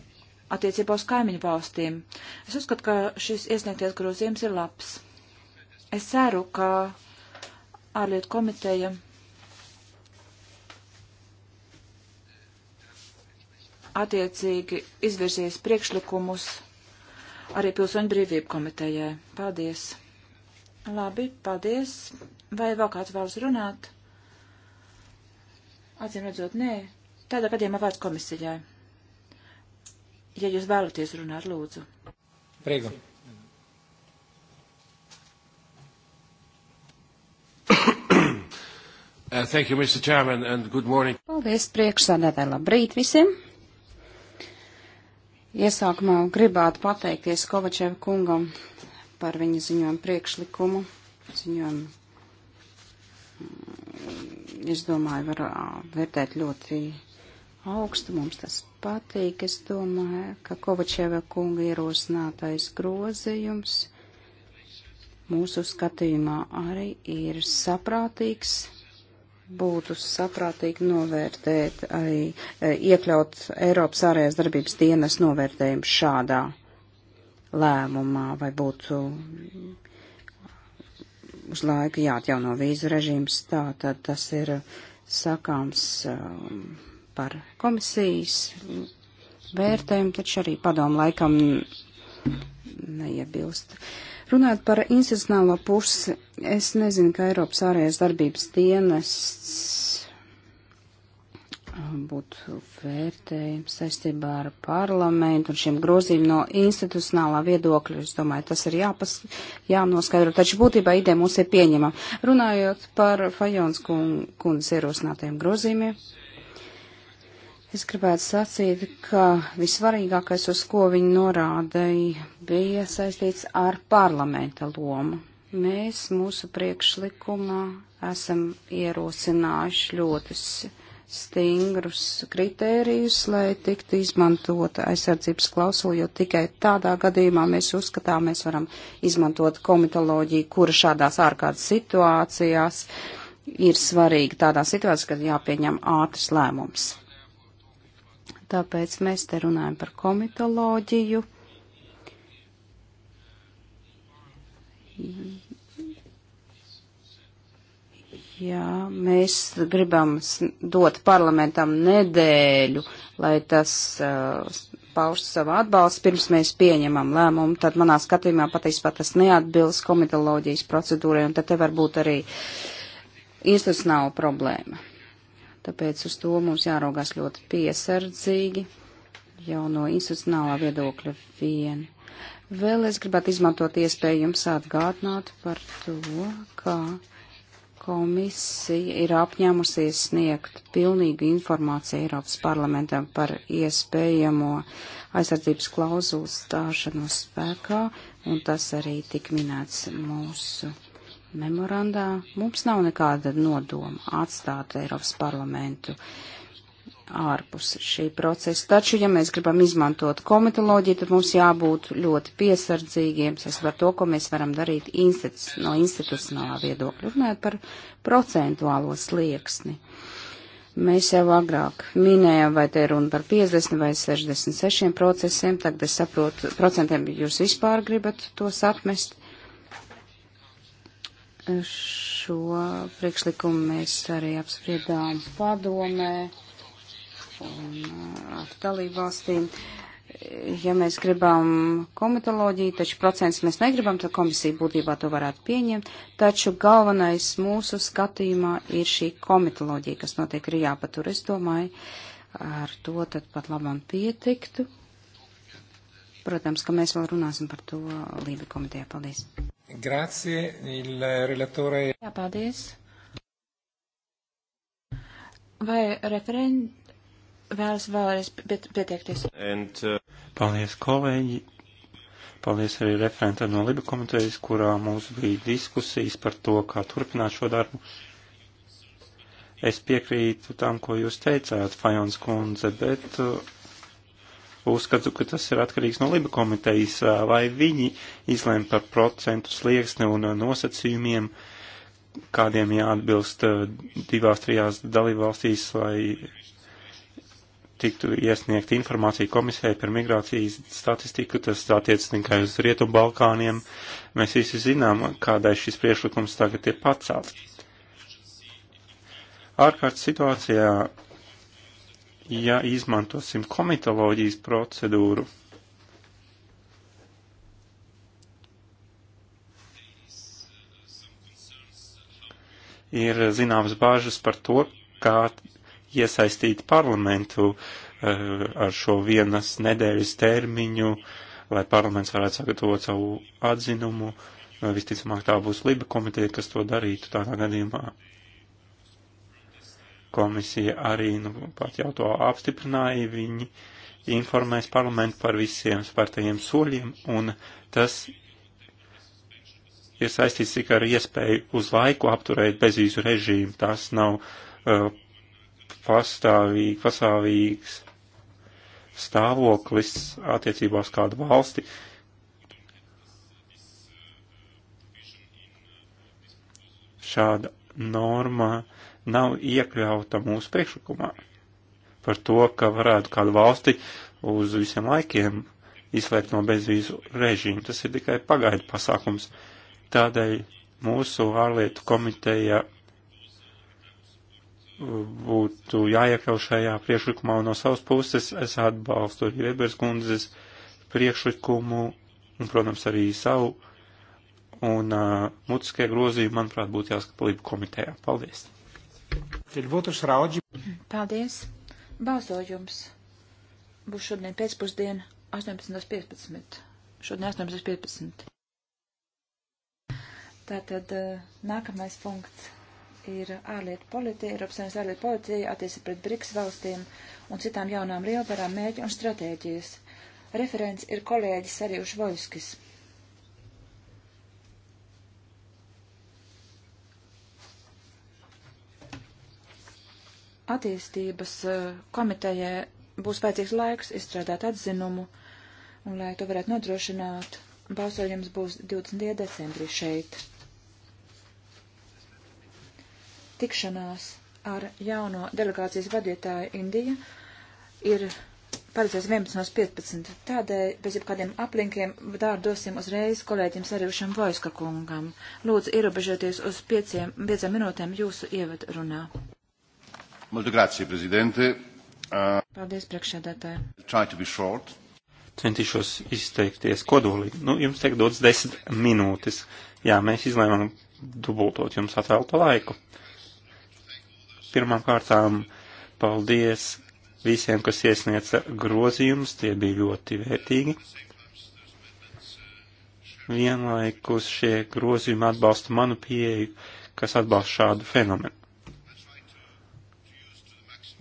attiecībā uz kaimiņu valstīm. Es uzskatu, ka šis iesniegties grozījums ir labs. Es ceru, ka ārlietu komiteja attiecīgi izvirzīs priekšlikumus arī Pilsoņu brīvību komitejai. Paldies! Labi, paldies! Vai vēl kāds vēlas runāt? Atcīm redzot, nē. Tādā gadījumā vārds komisijai. Ja jūs vēlaties runāt, lūdzu. Priegu. Uh, thank you, Mr. Chairman, and good morning.
Paldies, priekšsādātāji. Labrīt visiem! Iesākumā gribētu pateikties Kovačev kungam par viņa ziņojumu priekšlikumu. Ziņojumu, mm, es domāju, var vērtēt ļoti augstu, mums tas patīk. Es domāju, ka Kovačeva kunga ierosinātais grozījums mūsu skatījumā arī ir saprātīgs. Būtu saprātīgi novērtēt arī e, iekļaut Eiropas ārējās darbības dienas novērtējumu šādā lēmumā, vai būtu uz laiku jāatjauno vīzu režīms, tā tad tas ir sakāms. Um, par komisijas vērtējumu, taču arī padomu laikam neiebilst. Runājot par institucionālo pusi, es nezinu, ka Eiropas ārējās darbības dienests uh, būtu vērtējums saistībā ar parlamentu un šiem grozījumiem no institucionālā viedokļa. Es domāju, tas ir jāpas, jānoskaidro, taču būtībā ideja mums ir pieņemama. Runājot par Fajons kundzes ierosinātajiem grozījumiem, Es gribētu sacīt, ka visvarīgākais, uz ko viņi norādīja, bija saistīts ar parlamenta lomu. Mēs mūsu priekšlikumā esam ierosinājuši ļoti stingrus kritērijus, lai tiktu izmantota aizsardzības klausula, jo tikai tādā gadījumā mēs uzskatām, mēs varam izmantot komitoloģiju, kura šādās ārkārtas situācijās ir svarīga tādā situācijā, kad jāpieņem ātrs lēmums tāpēc mēs te runājam par komitoloģiju. Jā, mēs gribam dot parlamentam nedēļu, lai tas uh, pauž savu atbalstu, pirms mēs pieņemam lēmumu, tad manā skatījumā patiesībā tas neatbilst komitoloģijas procedūrai, un tad te var būt arī institucionāla problēma. Tāpēc uz to mums jāraugās ļoti piesardzīgi, jau no institucionālā viedokļa vien. Vēl es gribētu izmantot iespēju jums atgādināt par to, ka komisija ir apņēmusies sniegt pilnīgu informāciju Eiropas parlamentam par iespējamo aizsardzības klauzulas stāšanos spēkā, un tas arī tik minēts mūsu memorandā mums nav nekāda nodoma atstāt Eiropas parlamentu ārpus šī procesa. Taču, ja mēs gribam izmantot komitoloģiju, tad mums jābūt ļoti piesardzīgiem saistībā ar to, ko mēs varam darīt institu no institucionālā viedokļa, runājot par procentuālo slieksni. Mēs jau agrāk minējām, vai te runa par 50 vai 66 procesiem, tagad es saprotu, procentiem jūs vispār gribat tos atmest. Šo priekšlikumu mēs arī apspriedām padomē un uh, ar dalību valstīm. Ja mēs gribam komitoloģiju, taču procents mēs negribam, tad komisija būtībā to varētu pieņemt. Taču galvenais mūsu skatījumā ir šī komitoloģija, kas notiek ir jāpatur. Es domāju, ar to tad pat labam pietiktu. Protams, ka mēs vēl runāsim par to Lība
komitejā. Paldies! Grazie, il relatore. Jā, paldies.
Vai referent vēlas vēlreiz pieteikties?
And, uh... Paldies, kolēģi. Paldies arī referentam no Liba komitejas, kurā mums bija diskusijas par to, kā turpināt šo darbu. Es piekrītu tam, ko jūs teicāt, Fajons kundze, bet uh, Uzskatu, ka tas ir atkarīgs no Liba komitejas, vai viņi izlēma par procentu slieksni un nosacījumiem, kādiem jāatbilst divās, trijās dalībvalstīs, lai tiktu iesniegt informāciju komisijai par migrācijas statistiku. Tas attiec tikai uz Rietumu Balkāniem. Mēs visi zinām, kādai šis priešlikums tagad ir pacelts. Ārkārtas situācijā ja izmantosim komitoloģijas procedūru, ir zināmas bāžas par to, kā iesaistīt parlamentu eh, ar šo vienas nedēļas termiņu, lai parlaments varētu sagatavot savu atzinumu. Visticamāk tā būs Liba komiteja, kas to darītu tādā gadījumā. Komisija arī nu, pat jau to apstiprināja, viņi informēs parlamentu par visiem spērtajiem soļiem, un tas ir saistīts tikai ar iespēju uz laiku apturēt bezvīzu režīmu. Tas nav uh, pastāvīgi, pastāvīgs stāvoklis attiecībā uz kādu valsti. Šāda norma nav iekļauta mūsu priekšlikumā. Par to, ka varētu kādu valsti uz visiem laikiem izslēgt no bezvīzu režīmu. Tas ir tikai pagaidu pasākums. Tādēļ mūsu ārlietu komiteja būtu jāiekļau šajā priekšlikumā, un no savas puses es atbalstu Riebers kundzes priekšlikumu, un, protams, arī savu, un uh, mutiskie grozījumi, manuprāt, būtu jāskata Lību komitejā. Paldies!
Paldies! Balsojums būs šodien pēcpusdien 18.15. Šodien 18.15. Tātad eh, nākamais punkts ir ārlietu politika, Eiropas Savienības ārlietu politika attiecas pret BRICS valstīm un citām jaunām lielvarām mēģi un stratēģijas. Referents ir kolēģis Sarjuš Vojskis. attīstības eh, komitejai būs vajadzīgs laiks izstrādāt atzinumu, un, lai to varētu nodrošināt, balsojums būs 20. decembrī šeit. Tikšanās ar jauno delegācijas vadītāju Indiju ir paredzēts 11.15. Tādēļ bez jebkādiem aplinkiem vārdu dosim uzreiz kolēģim Sarīvušam Vojska kungam. Lūdzu, ierobežoties uz pieciem, pieciem minūtēm jūsu ievadrunā. runā.
Multu grācija, prezidente. Uh, Paldies, priekšsēdētāji. Centīšos izteikties kodolīgi. Nu, jums tiek dots desmit minūtes. Jā, mēs izlēmām dubultot jums atvēlto laiku. Pirmām kārtām, paldies visiem, kas iesniedza grozījumus, tie bija ļoti vērtīgi. Vienlaikus šie grozījumi atbalsta manu pieeju, kas atbalsta šādu fenomenu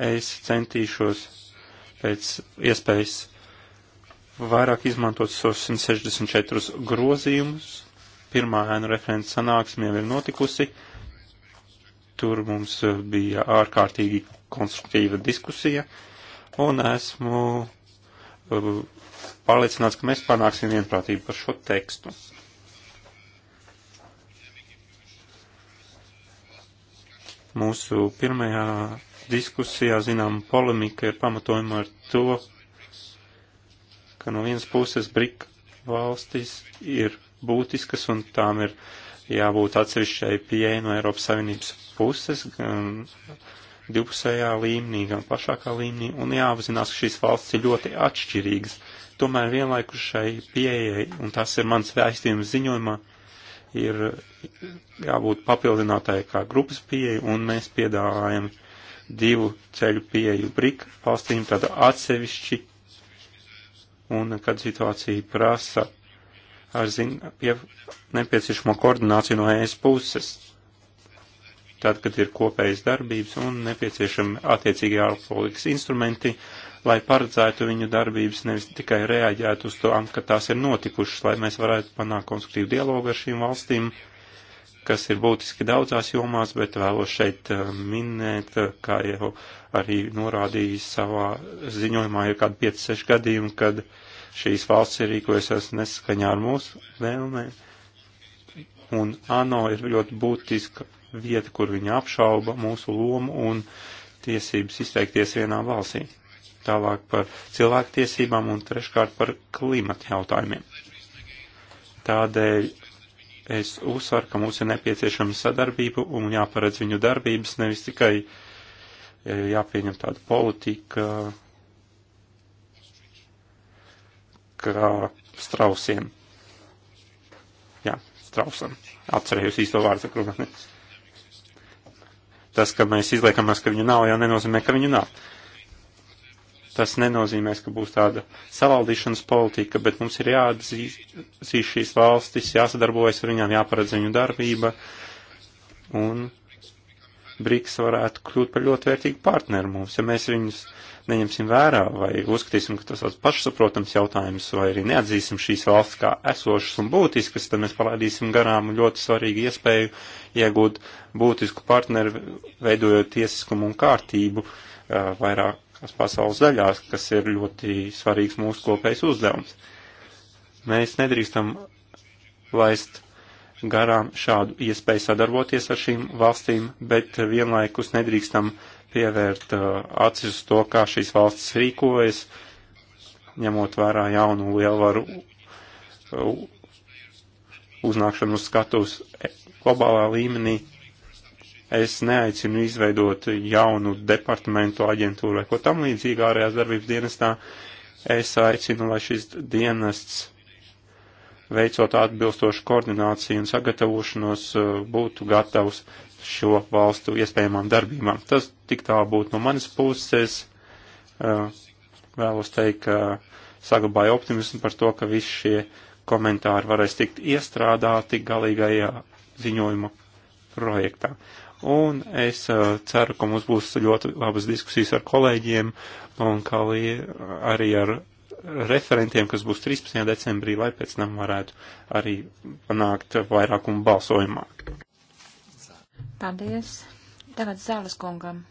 es centīšos pēc iespējas vairāk izmantot 164 grozījumus. Pirmā ēnu referents sanāksme jau ir notikusi. Tur mums eh, bija ārkārtīgi konstruktīva diskusija, un esmu eh, pārliecināts, ka mēs panāksim vienprātību par šo tekstu. Mūsu pirmajā diskusijā zinām polemika ir pamatojuma ar to, ka no vienas puses brika valstis ir būtiskas un tām ir jābūt atsevišķai pieeja no Eiropas Savienības puses, gan divpusējā līmenī, gan plašākā līmenī, un jāapzinās, ka šīs valsts ir ļoti atšķirīgas. Tomēr vienlaikus šai pieejai, un tas ir mans vēstījums ziņojumā, ir jābūt papildinātāji kā grupas pieeja, un mēs piedāvājam uh, divu ceļu pieeju brika valstīm, tad atsevišķi, un kad situācija prasa ar zin, pie, nepieciešamo koordināciju no ES puses, tad, kad ir kopējas darbības un nepieciešami attiecīgi ārpolitikas instrumenti, lai paredzētu viņu darbības, nevis tikai reaģētu uz to, ka tās ir notikušas, lai mēs varētu panākt konstruktīvu dialogu ar šīm valstīm, uh, kas ir būtiski daudzās jomās, bet vēlos šeit eh, minēt, kā jau arī norādīju savā ziņojumā, ir kādi 5-6 gadījumi, kad šīs valsts ir rīkojusies neskaņā ar mūsu vēlmēm, un ANO ir ļoti būtiska vieta, kur viņi apšauba mūsu lomu un tiesības izteikties vienā valstī. Tālāk par cilvēktiesībām un treškārt par klimata jautājumiem. Tādēļ es uzsvaru, ka mums ir nepieciešama sadarbība un jāparedz viņu darbības, nevis tikai e, jāpieņem tāda politika, kā strausiem. Jā, strausam. Atcerējos īsto vārdu runāt. Tas, ka mēs izliekamies, ka viņu nav, jau nenozīmē, ka viņu nav. Tas nenozīmēs, ka būs tāda savaldīšanas politika, bet mums ir jāatzīst šīs valstis, jāsadarbojas ar viņām, jāparedz viņu darbība, un Briks varētu kļūt par ļoti vērtīgu partneru mums, ja mēs viņus neņemsim vērā vai uzskatīsim, ka tas ir pašsaprotams jautājums, vai arī neatzīsim šīs valsts kā esošas un būtiskas, tad mēs palaidīsim garām ļoti svarīgu iespēju iegūt būtisku partneru, veidojot tiesiskumu un kārtību vairāk pasaules daļās, kas ir ļoti svarīgs mūsu kopējs uzdevums. Mēs nedrīkstam laist garām šādu iespēju sadarboties ar šīm valstīm, bet vienlaikus nedrīkstam pievērt uh, acis uz to, kā šīs valstis rīkojas, ņemot vērā jaunu lielvaru uh, uznākšanu uz skatus globālā līmenī, Es neaicinu izveidot jaunu departamentu aģentūru vai ko tam līdzīgā ārējās darbības dienestā. Es aicinu, lai šis dienests, veicot atbilstošu koordināciju un sagatavošanos, uh, būtu gatavs šo valstu iespējamām darbībām. Tas tik tā būtu no manas puses. Uh, vēlos teikt, ka saglabāju optimismu par to, ka visi šie komentāri varēs tikt iestrādāti galīgajā ziņojuma projektā. Un es uh, ceru, ka mums būs ļoti labas diskusijas ar kolēģiem un kā arī ar referentiem, kas būs 13. decembrī, lai pēc tam varētu arī panākt vairākumu balsojumā.
Paldies. Tagad Zāles kungam.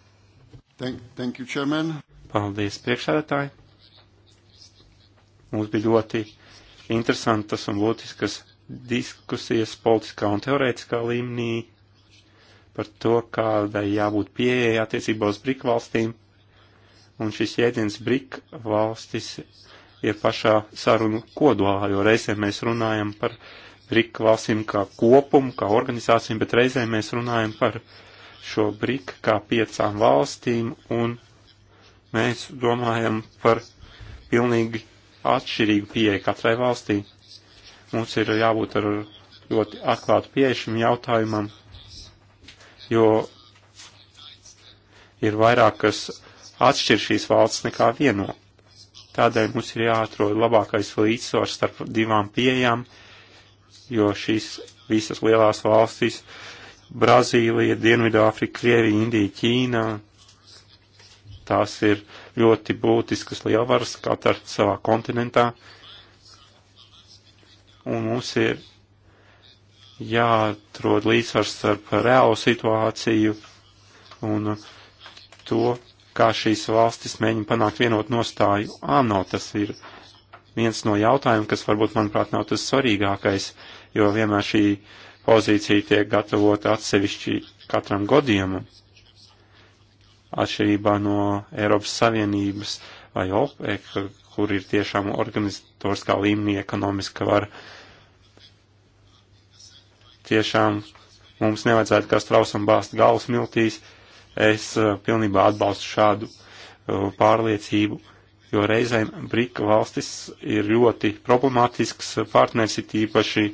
Thank,
thank you, Chairman.
Paldies, priekšsēdētāji. Mums bija ļoti interesantas un būtiskas diskusijas politiskā un teorētiskā līmenī par to, kādai jābūt pieeja attiecībā uz brīk valstīm, un šis jēdziens brīk valstis ir pašā sarunu kodolā, jo reizēm mēs runājam par brīk valstīm kā kopumu, kā organizācijām, bet reizēm mēs runājam par šo brīk kā piecām valstīm, un mēs domājam par pilnīgi atšķirīgu pieeju katrai valstī. Mums ir jābūt ar ļoti atklātu pieeju šim jautājumam, jo ir vairāk, kas atšķir šīs valsts nekā vieno. Tādēļ mums ir jāatrod labākais līdzsvars starp divām pieejām, jo šīs visas lielās valstis - Brazīlija, Dienvidāfrika, Krievija, Indija, Ķīna - tās ir ļoti būtiskas lielvaras, katra savā kontinentā. Un mums ir jāatrod līdzsvars starp reālo situāciju un to, kā šīs valstis mēģina panākt vienotu nostāju. ANO tas ir viens no jautājumiem, kas varbūt, manuprāt, nav tas svarīgākais, jo vienmēr šī pozīcija tiek gatavota atsevišķi katram godījumam, atšķirībā no Eiropas Savienības vai OPEC, kur ir tiešām organizatoriskā līmenī ekonomiska vara. Uh, tiešām mums nevajadzētu kā strausam bāzt galvas miltīs. Es uh, pilnībā atbalstu šādu uh, pārliecību, jo reizēm brika valstis ir ļoti problemātisks partners, ir īpaši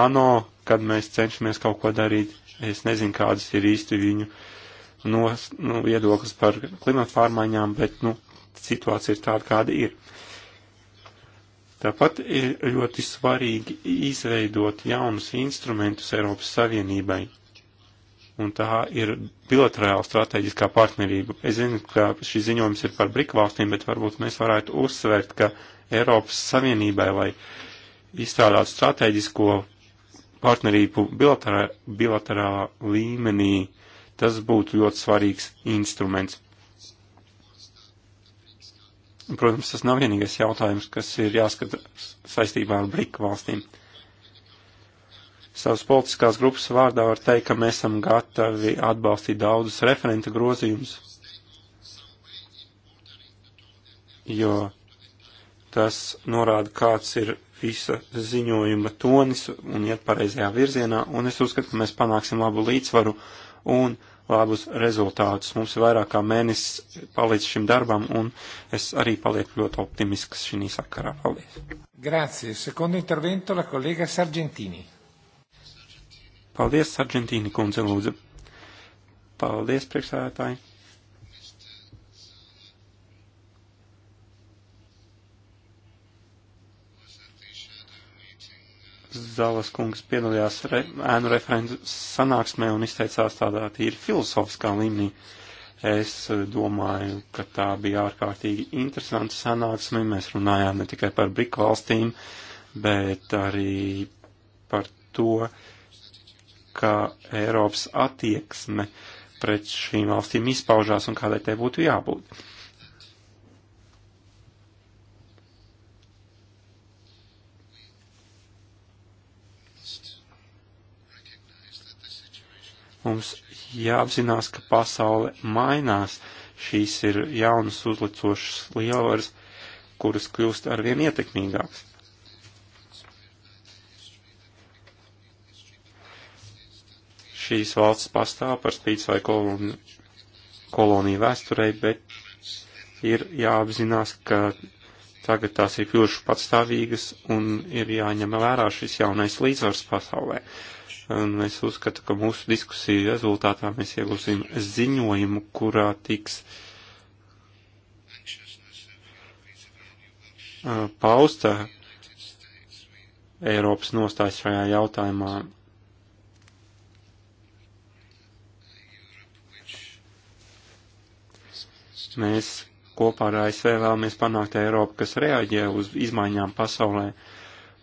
ANO, kad mēs cenšamies kaut ko darīt. Es nezinu, kādas ir īsti viņu nos, nu, viedoklis par klimatu pārmaiņām, bet, nu, situācija ir tāda, kāda ir. Uh, Tāpat ir ļoti svarīgi izveidot jaunus instrumentus Eiropas Savienībai, un tā ir bilaterāla strateģiskā partnerība. Es zinu, ka šis ziņojums ir par brīk valstīm, bet varbūt mēs varētu uzsvērt, ka Eiropas Savienībai, lai izstrādātu strateģisko partnerību bilaterā, bilaterālā līmenī, tas būtu ļoti svarīgs instruments. Protams, tas nav vienīgais jautājums, kas ir jāskata saistībā ar BRIK valstīm. Savas politiskās grupas vārdā var teikt, ka mēs esam gatavi atbalstīt daudzus referenta grozījumus, jo tas norāda, kāds ir visa ziņojuma tonis un iet pareizajā virzienā, un es uzskatu, ka mēs panāksim labu līdzsvaru un labus rezultātus. Mums ir vairāk kā mēnesis palīdz šim darbam, un es arī palieku ļoti optimisks šī sakarā. Paldies! Grazie. Secondo intervento la collega Sargentini. Paldies, Sargentini kundze, lūdzu. Paldies, priekšsēdētāji. Zalas kungs piedalījās re, ēnu referentu sanāksmē un izteicās tādā tīri filozofiskā līmenī. Es eh, domāju, ka tā bija ārkārtīgi interesanta sanāksme. Mēs runājām ne tikai par briku valstīm, bet arī par to, kā Eiropas attieksme pret šīm valstīm izpaužās un kādai tai būtu jābūt. Mums jāapzinās, ka pasaule mainās. Šīs ir jaunas uzlicošas lielvaras, kuras kļūst arvien ietekmīgākas. Šīs valsts pastāv par spīti vai koloni, koloniju vēsturei, bet ir jāapzinās, ka tagad tās ir kļuvušas patstāvīgas un ir jāņem vērā šis jaunais līdzsvars pasaulē. Uh, Un es uzskatu, ka mūsu diskusiju rezultātā mēs iegūsim ziņojumu, kurā tiks pausta Eiropas nostāja šajā jautājumā. Mēs kopā ar ASV vēlamies panākt Eiropu, kas reaģē uz izmaiņām pasaulē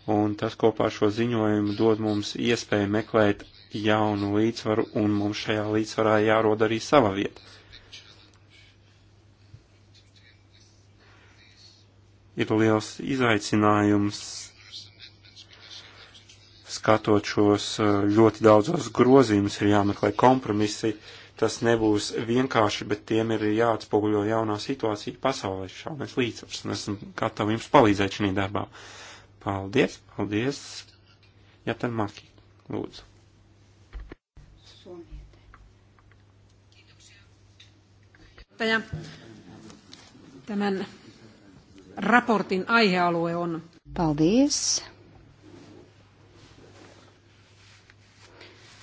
un tas kopā ar šo ziņojumu dod mums iespēju meklēt jaunu līdzsvaru, un mums šajā līdzsvarā jārod arī sava vieta. Ir liels izaicinājums skatot šos eh, ļoti daudzos grozījumus, ir jāmeklē kompromisi. Tas nebūs vienkārši, bet tiem ir jāatspoguļo jaunā situācija pasaulē. Šā mēs līdzsvars, un esam gatavi jums palīdzēt šī darbā. Uh, Paldies, paldies. Jātan Maki, lūdzu.
Tämän raportin aihealue on. Paldies.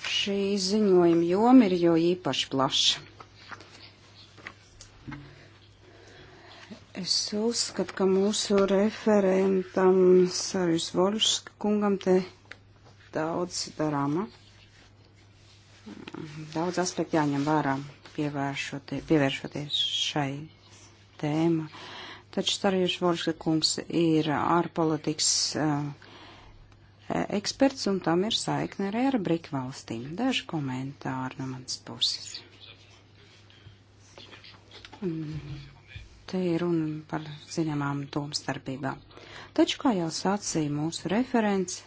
Šī ziņojuma joma ir jo īpaši plaša. Es uzskatu, ka mūsu referentam Sarjus Volšs kungam te daudz darāma. Daudz aspektu jāņem vērā, pievēršoties, pievēršoties šai tēma. Taču Starījuši Vorska kungs ir ārpolitikas uh, eksperts un tam ir saikne arī ar Briku valstīm. Daži komentāri no manas puses. Mm te ir runa par zināmām domstarpībām. Taču, kā jau sacīja mūsu referents,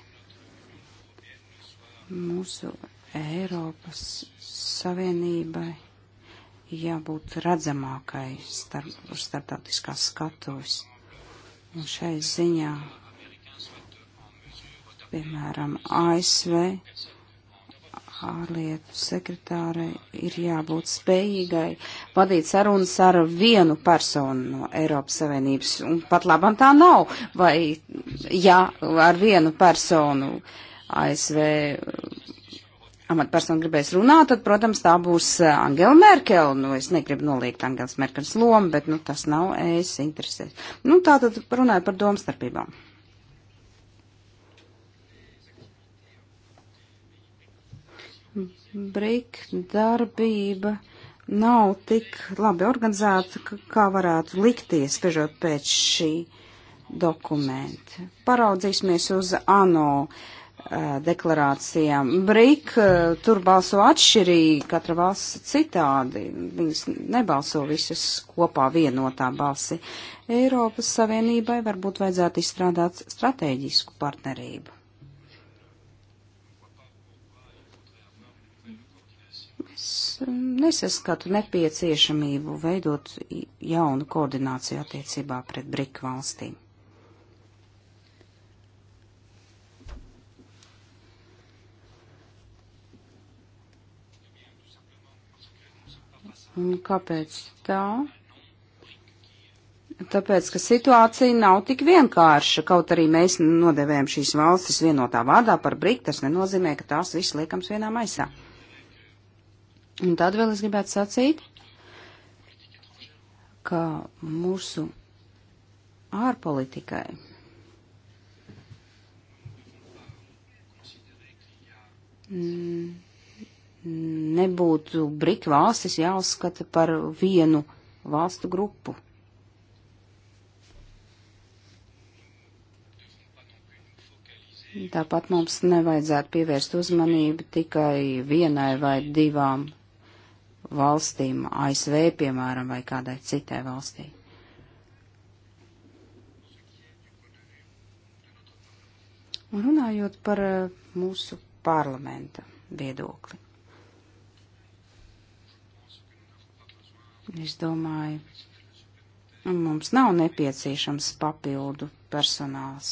mūsu Eiropas Savienībai jābūt redzamākai starp, starptautiskās skatuves. Un šai ziņā, piemēram, ASV ārlietu sekretārai ir jābūt spējīgai vadīt sarunas ar vienu personu no Eiropas Savienības, un pat labam tā nav, vai ja ar vienu personu ASV uh, amatpersonu gribēs runāt, tad, protams, tā būs uh, Angela Merkel, nu, es negribu noliegt Angelas Merkels lomu, bet, nu, tas nav es interesēs. Nu, tā tad runāja par domstarpībām. Brīk darbība nav tik labi organizēta, kā varētu likties, spēļot pēc šī dokumenta. Paraudzīsimies uz ANO eh, deklarācijām. Brīk eh, tur balso atšķirīgi, katra valsts citādi. Viņas nebalso visas kopā vienotā balsi. Eiropas Savienībai varbūt vajadzētu izstrādāt strateģisku partnerību. es nesaskatu nepieciešamību veidot jaunu koordināciju attiecībā pret BRIK valstīm. Un kāpēc tā? Tāpēc, ka situācija nav tik vienkārša, kaut arī mēs nodevējam šīs valstis vienotā vārdā par brīk, tas nenozīmē, ka tās viss liekams vienā maisā. Mm. Un tad vēl es gribētu sacīt, ka mūsu ārpolitikai nebūtu Britu valstis jāuzskata par vienu valstu grupu. Tāpat mums nevajadzētu pievērst uzmanību tikai vienai vai divām valstīm, ASV, piemēram, vai kādai citai valstī. Un runājot par eh, mūsu parlamenta viedokli. Es domāju, mums nav nepieciešams papildu personāls.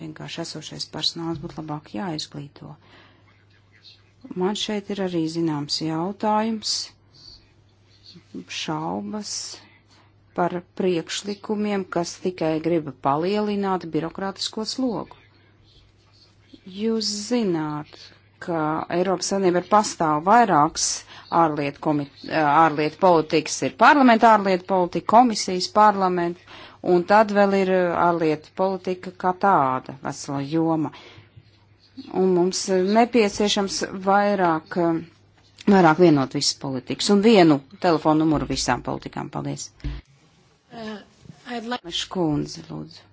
Vienkārši esošais personāls būtu labāk jāizglīto. Uh, Man šeit ir arī zināms jautājums, šaubas par priekšlikumiem, kas tikai grib palielināt birokrātisko slogu. Jūs zināt, ka Eiropas Savienība ir pastāv vairāks ārlietu, komit, ārlietu politikas, ir parlamenta ārlietu politika, komisijas parlamenta, un tad vēl ir ārlietu politika kā tāda vesela joma. Uh, un mums nepieciešams vairāk, eh, vairāk vienot visas politikas un vienu telefonu numuru visām politikām. Paldies. Uh, like... Škundze, lūdzu.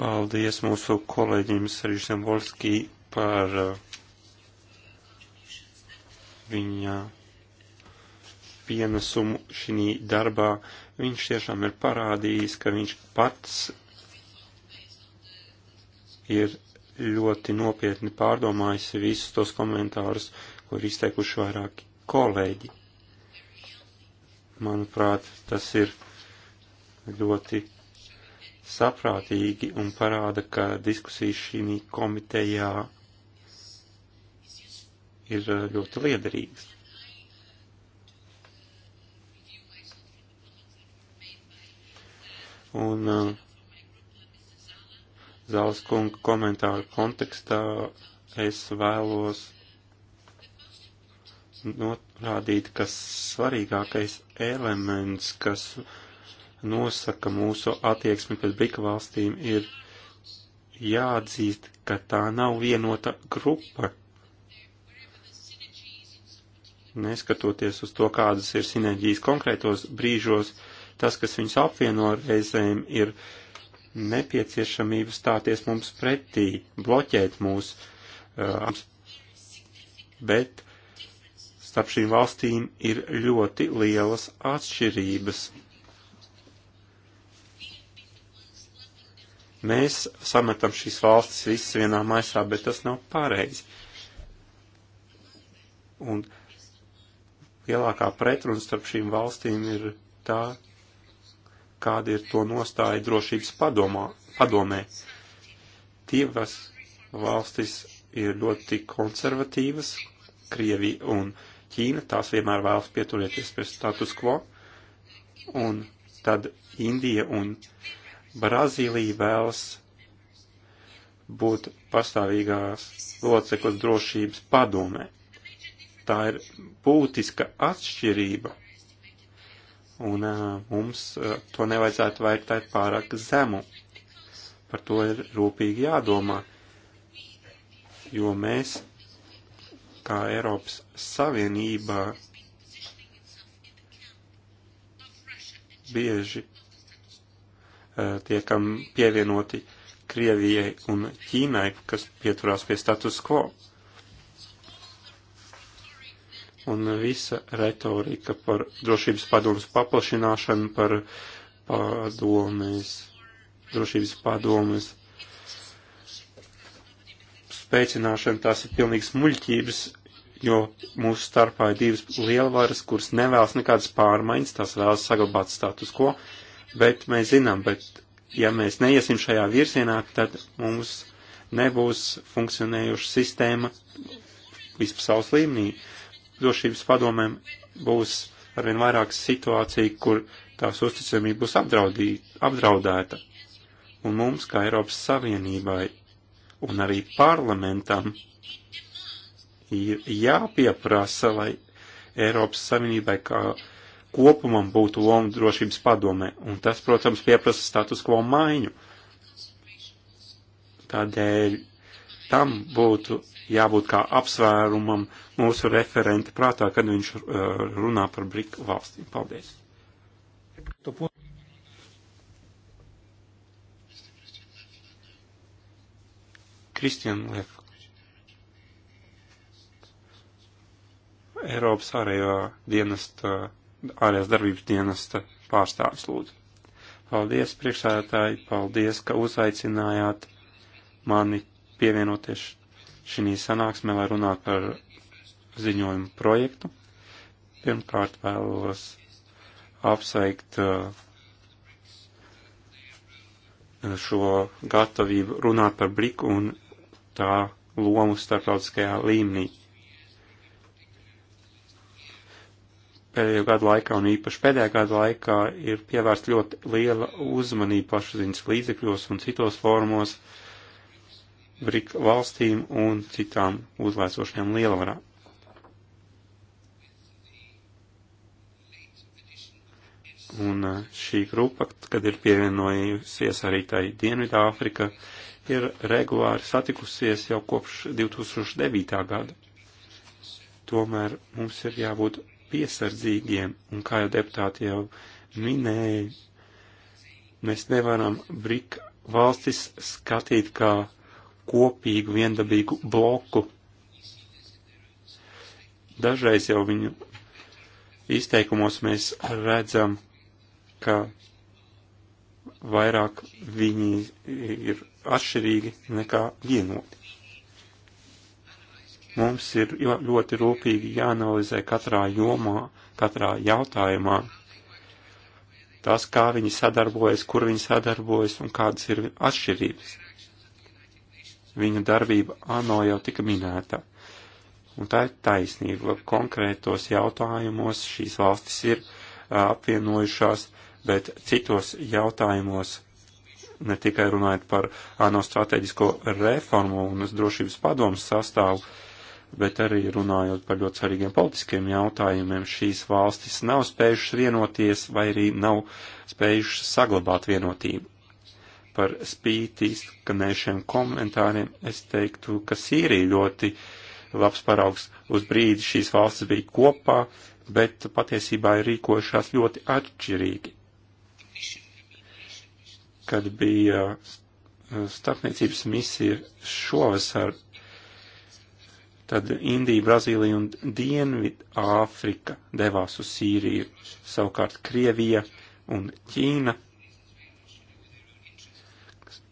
Paldies mūsu kolēģim Sarīšam Volskī par uh, viņa pienesumu šī darbā. Viņš tiešām ir parādījis, ka viņš pats ir ļoti nopietni pārdomājusi visus tos komentārus, ko ir izteikuši vairāki kolēģi. Manuprāt, tas ir ļoti saprātīgi un parāda, ka diskusijas šī komitejā ir ļoti liederīgas. Un uh, Zalskunga komentāru kontekstā es vēlos norādīt, ka svarīgākais elements, kas nosaka mūsu attieksmi pret brika valstīm, ir jāatzīst, ka tā nav vienota grupa. Neskatoties uz to, kādas ir sinerģijas konkrētos brīžos, tas, kas viņus apvieno reizēm, ir uh, nepieciešamību stāties mums pretī, bloķēt mūs, uh, bet starp šīm valstīm ir ļoti lielas atšķirības. Mēs sametam šīs valstis visas vienā maisā, bet tas nav pareizi. Un lielākā pretruna starp šīm valstīm ir tā, kāda ir to nostāja drošības padomā, padomē. Divas valstis ir ļoti konservatīvas, Krievija un Ķīna, tās vienmēr vēlas pieturēties pie status quo, un tad Indija un Brazīlija vēlas būt pastāvīgās loceklas drošības padomē. Tā ir būtiska atšķirība un mums to nevajadzētu vērtēt pārāk zemu. Par to ir rūpīgi jādomā, jo mēs, kā Eiropas Savienība, bieži tiekam pievienoti Krievijai un Ķīnai, kas pieturās pie status quo un visa retorika par drošības padomus paplašināšanu, par padomēs, drošības padomus spēcināšanu, tās ir pilnīgs muļķības, jo mūsu starpā ir divas lielvaras, kuras nevēlas nekādas pārmaiņas, tās vēlas saglabāt status quo, bet mēs zinām, bet ja mēs neiesim šajā virzienā, tad mums nebūs funkcionējuša sistēma vispasaules līmenī. Uh, drošības padomēm būs arvien vairāk situācija, kur tās uzticamība būs apdraudēta. Un mums, kā Eiropas Savienībai un arī parlamentam, ir jāpieprasa, lai Eiropas Savienībai kā kopumam būtu loma drošības padomē. Un tas, protams, pieprasa status quo maiņu. Tādēļ Tam būtu jābūt kā apsvērumam mūsu referenta prātā, kad viņš uh, runā par briku valstīm. Paldies! Kristian Lef. Eiropas ārējā dienesta, ārējās darbības dienesta pārstāvis lūdzu. Paldies, priekšsēdētāji, paldies, ka uzaicinājāt mani pievienoties šī sanāksmē, lai runātu par ziņojumu projektu. Pirmkārt vēlos apsveikt uh, šo gatavību runāt par briku un tā lomu starptautiskajā līmenī. Pēdējo gadu laikā un īpaši pēdējā gadu laikā ir pievērst ļoti liela uzmanība plašsaziņas līdzekļos un citos formos uh, BRIK valstīm un citām uzlaicošajām lielvarām. Un šī grupa, kad ir pievienojusies arī tai Dienvidāfrika, ir regulāri satikusies jau kopš 2009. gada. Tomēr mums ir jābūt piesardzīgiem, un kā jau deputāti jau minēja, mēs nevaram BRIK valstis skatīt kā kopīgu viendabīgu bloku. Dažreiz jau viņu izteikumos mēs redzam, ka vairāk viņi ir atšķirīgi nekā vienoti. Mums ir ļoti rūpīgi jāanalizē katrā jomā, katrā jautājumā tas, kā viņi sadarbojas, kur viņi sadarbojas un kādas ir atšķirības viņa darbība ANO jau tika minēta. Un tā ir taisnība. Konkrētos jautājumos šīs valstis ir apvienojušās, bet citos jautājumos, ne tikai runājot par ANO strateģisko reformu un drošības padomus sastāvu, bet arī runājot par ļoti svarīgiem politiskiem jautājumiem, šīs valstis nav spējušas vienoties vai arī nav spējušas saglabāt vienotību par spīti izskanējušiem komentāriem, es teiktu, ka Sīrija ļoti labs paraugs uz brīdi šīs valstis bija kopā, bet patiesībā ir rīkojušās ļoti atšķirīgi. Kad bija uh, starpniecības misija šovasar, tad Indija, Brazīlija un Dienvid Āfrika devās uz Sīriju, savukārt Krievija un Ķīna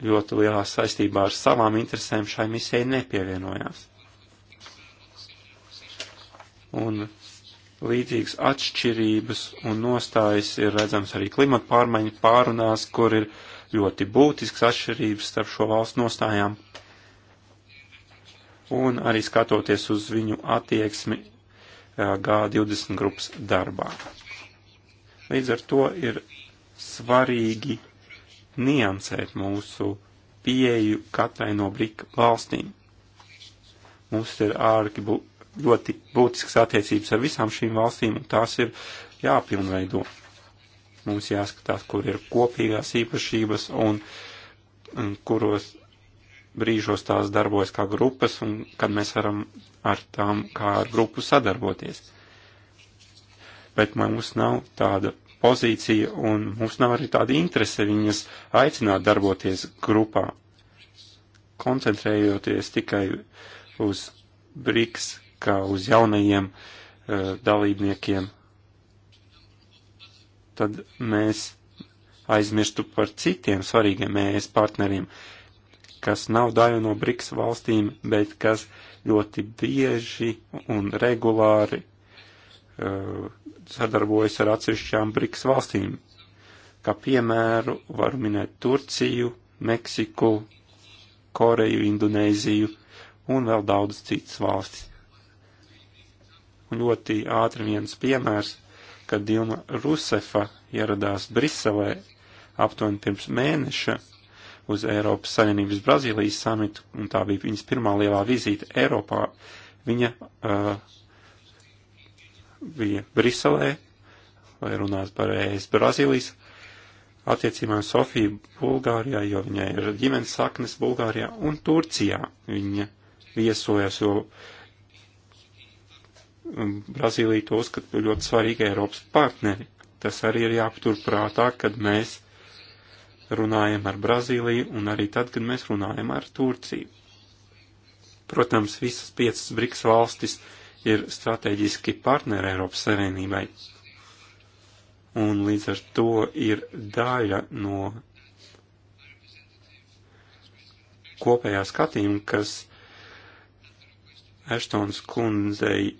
ļoti lielā saistībā ar savām interesēm šai misijai nepievienojās. Un līdzīgas atšķirības un nostājas ir redzams arī klimata pārmaiņu pārunās, kur ir ļoti būtisks atšķirības starp šo valstu nostājām. Un arī skatoties uz viņu attieksmi G20 grupas darbā. Līdz ar to ir svarīgi niansēt mūsu pieeju katrai no brika valstīm. Mums ir ārki bū, ļoti būtisks attiecības ar visām šīm valstīm, un tās ir jāpilnveido. Mums jāskatās, kur ir kopīgās īpašības un, un kuros brīžos tās darbojas kā grupas un kad mēs varam ar tām kā ar grupu sadarboties. Bet mums nav tāda pozīcija, un mums nav arī tāda interese viņas aicināt darboties grupā, koncentrējoties tikai uz BRICS, kā uz jaunajiem uh, dalībniekiem. Tad mēs aizmirstu par citiem svarīgiem ES partneriem, kas nav daļa no BRICS valstīm, bet kas ļoti bieži un regulāri Eh, sadarbojas ar atsevišķām BRICS valstīm. Kā piemēru varu minēt Turciju, Meksiku, Koreju, Indonēziju un vēl daudzas citas valstis. Un ļoti ātri viens piemērs, kad Dilma Rusefa ieradās Briselē aptuveni pirms mēneša uz Eiropas Savienības Brazīlijas samitu, un tā bija viņas pirmā lielā vizīte Eiropā. Viņa uh, bija Briselē, lai runātu par ES Brazīlijas attiecībām Sofiju Bulgārijā, jo viņai ir ģimenes saknes Bulgārijā un Turcijā. Viņa viesojas, jo um, Brazīlija to uzskata par ļoti svarīgu Eiropas partneri. Tas arī ir jāpatur prātā, kad mēs runājam ar Brazīliju un arī tad, kad mēs runājam ar Turciju. Protams, visas piecas Briks valstis ir strateģiski partneri Eiropas Savienībai. Un līdz ar to ir daļa no kopējā skatījuma, kas Eštons kundzei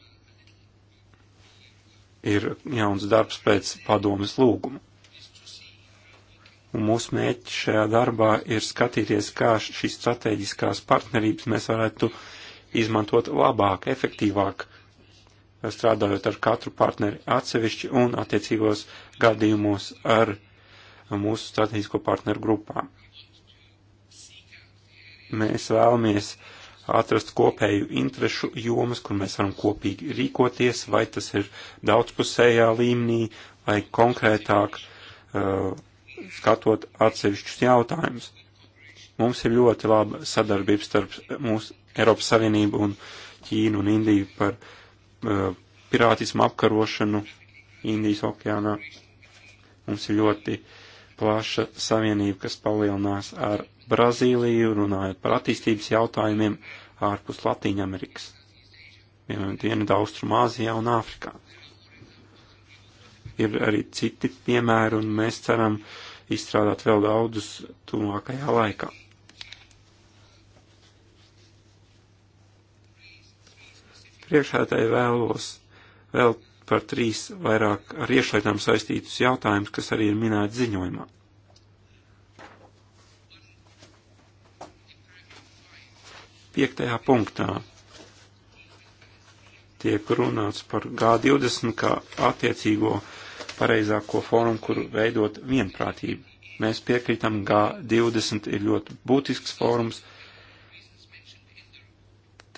ir jauns darbs pēc padomas lūguma. Un mūsu mērķis šajā darbā ir skatīties, kā šīs strateģiskās partnerības mēs varētu uh, izmantot labāk, efektīvāk, strādājot ar katru partneri atsevišķi un attiecīgos gadījumos ar mūsu strateģisko partneru grupām. Mēs vēlamies atrast kopēju interešu jomas, kur mēs varam kopīgi rīkoties, vai tas ir daudzpusējā līmenī, vai konkrētāk uh, skatot atsevišķus jautājumus. Mums ir ļoti laba sadarbība starp mūsu Eiropas Savienību un Ķīnu un Indiju par uh, pirātismu apkarošanu Indijas okeānā. Mums ir ļoti plaša savienība, kas palielinās ar Brazīliju, runājot par attīstības jautājumiem ārpus Latīņa Amerikas, piemēram, Dienvidu Austrumāzijā un Āfrikā. Ir arī citi piemēri, un mēs ceram izstrādāt vēl daudzus tuvākajā laikā. Priekšētāji vēlos vēl par trīs vairāk ar iešlaidām saistītus jautājumus, kas arī ir minēti ziņojumā. Piektajā punktā tiek runāts par G20 kā attiecīgo pareizāko fórumu, kur veidot vienprātību. Mēs piekrītam, G20 ir ļoti būtisks fórums,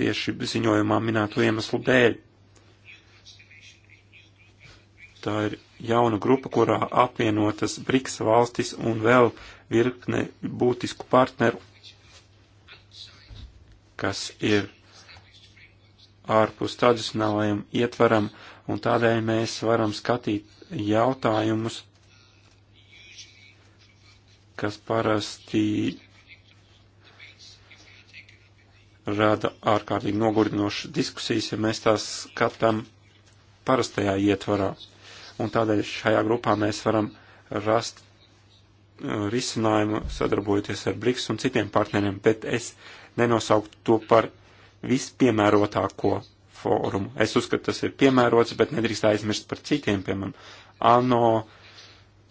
tieši ziņojumā minēto iemeslu dēļ. Tā ir jauna grupa, kurā apvienotas BRICS valstis un vēl virkne būtisku partneru, kas ir ārpus tradicionālajiem ietvaram, un tādēļ mēs varam skatīt jautājumus, kas parasti rada ārkārtīgi nogurdinošas diskusijas, ja mēs tās skatām parastajā ietvarā. Un tādēļ šajā grupā mēs varam rast uh, risinājumu sadarbojoties ar BRICS un citiem partneriem, bet es nenosauktu to par vispiemērotāko fórumu. Es uzskatu, tas ir piemērots, bet nedrīkst aizmirst par citiem, piemēram, ANO,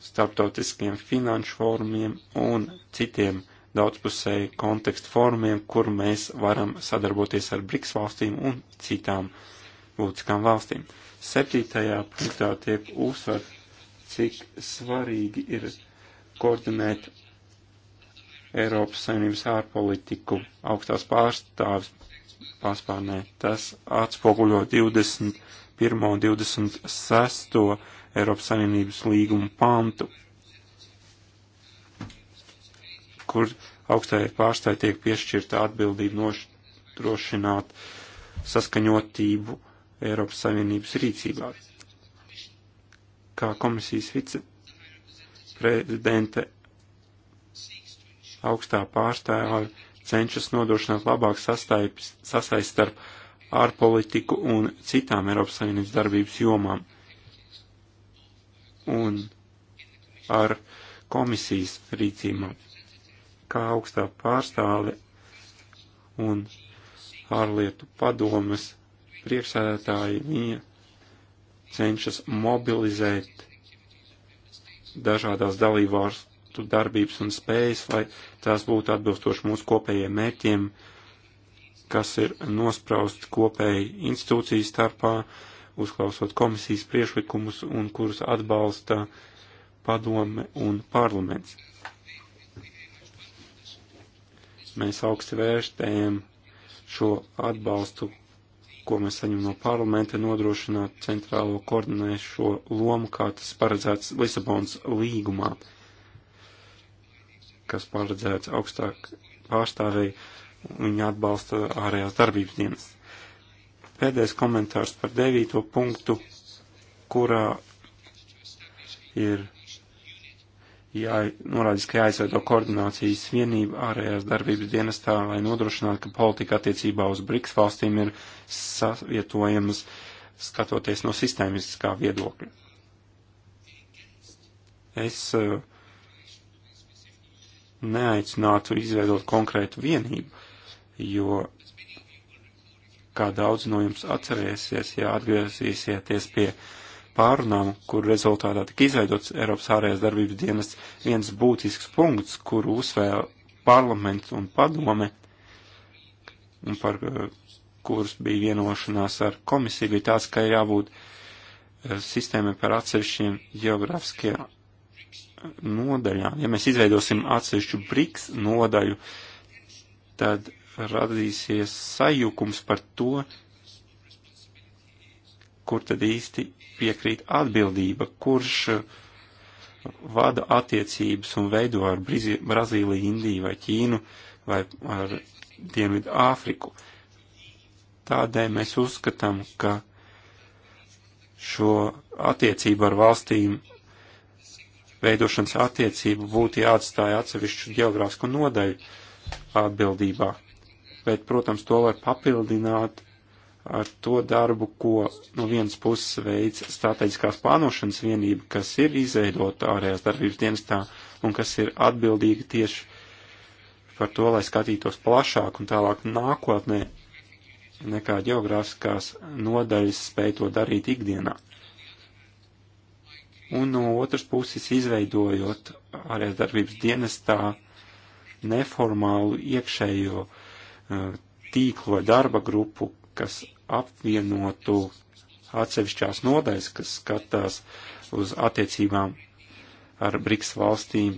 starptautiskiem finanšu fórumiem un citiem daudzpusēju kontekstu fórumiem, kur mēs varam sadarboties ar BRICS valstīm un citām būtiskām valstīm. Septītajā punktā tiek uzsvert, cik svarīgi ir koordinēt Eiropas Savienības ārpolitiku augstās pārstāvis paspārnē. Tas atspoguļo 21. un 26. Eiropas Savienības līgumu pantu kur augstai pārstai tiek piešķirta atbildība noštrošināt saskaņotību Eiropas Savienības rīcībā. Kā komisijas viceprezidente augstā pārstāve cenšas nodrošināt labāk sasaist starp ārpolitiku un citām Eiropas Savienības darbības jomām. Un ar komisijas rīcībām kā augstā pārstāve un ārlietu padomas priekšsēdētāji, viņa cenšas mobilizēt dažādās dalībvārstu darbības un spējas, lai tās būtu atbilstoši mūsu kopējiem mērķiem, kas ir nospraust kopēji institūciju starpā, uzklausot komisijas priešlikumus un kurus atbalsta padome un parlaments. Mēs augstu vērtējam šo atbalstu, ko mēs saņemam no parlamenta, nodrošināt centrālo koordinēšo lomu, kā tas paredzēts Lisabonas līgumā, kas paredzēts augstāk pārstāvēji un atbalsta ārējās darbības dienas. Pēdējais komentārs par devīto punktu, kurā ir jā, norādīts, ka jāizveido koordinācijas vienība ārējās darbības dienestā, lai nodrošinātu, ka politika attiecībā uz BRICS valstīm ir savietojamas, skatoties no sistēmiskā viedokļa. Es eh, neaicinātu izveidot konkrētu vienību, jo, kā daudz no jums atcerēsies, ja atgriezīsieties pie uh, pārunām, kur rezultātā tika izveidots Eiropas ārējās darbības dienas viens būtisks punkts, kuru uzsvēra parlaments un padome, un par eh, kurus bija vienošanās ar komisiju, bija tāds, ka jābūt eh, sistēmai par atsevišķiem geogrāfiskiem eh, nodaļām. Ja mēs izveidosim atsevišķu briks nodaļu, tad radīsies sajukums par to, kur tad īsti piekrīt atbildība, kurš uh, vada attiecības un veido ar Brazīliju, Indiju vai Ķīnu vai ar Dienvidu Āfriku. Tādēļ mēs uzskatām, ka šo attiecību ar valstīm veidošanas attiecību būtu jāatstāja atsevišķu geogrāfisku nodaļu atbildībā. Bet, protams, to var papildināt ar to darbu, ko no vienas puses veids strateģiskās plānošanas vienība, kas ir izveidota ārējās darbības dienestā un kas ir atbildīga tieši par to, lai skatītos plašāk un tālāk nākotnē, nekā geogrāfiskās nodaļas spēj to darīt ikdienā. Un no otras puses izveidojot ārējās darbības dienestā neformālu iekšējo uh, tīklo darba grupu, kas apvienotu atsevišķās nodaļas, kas skatās uz attiecībām ar BRICS valstīm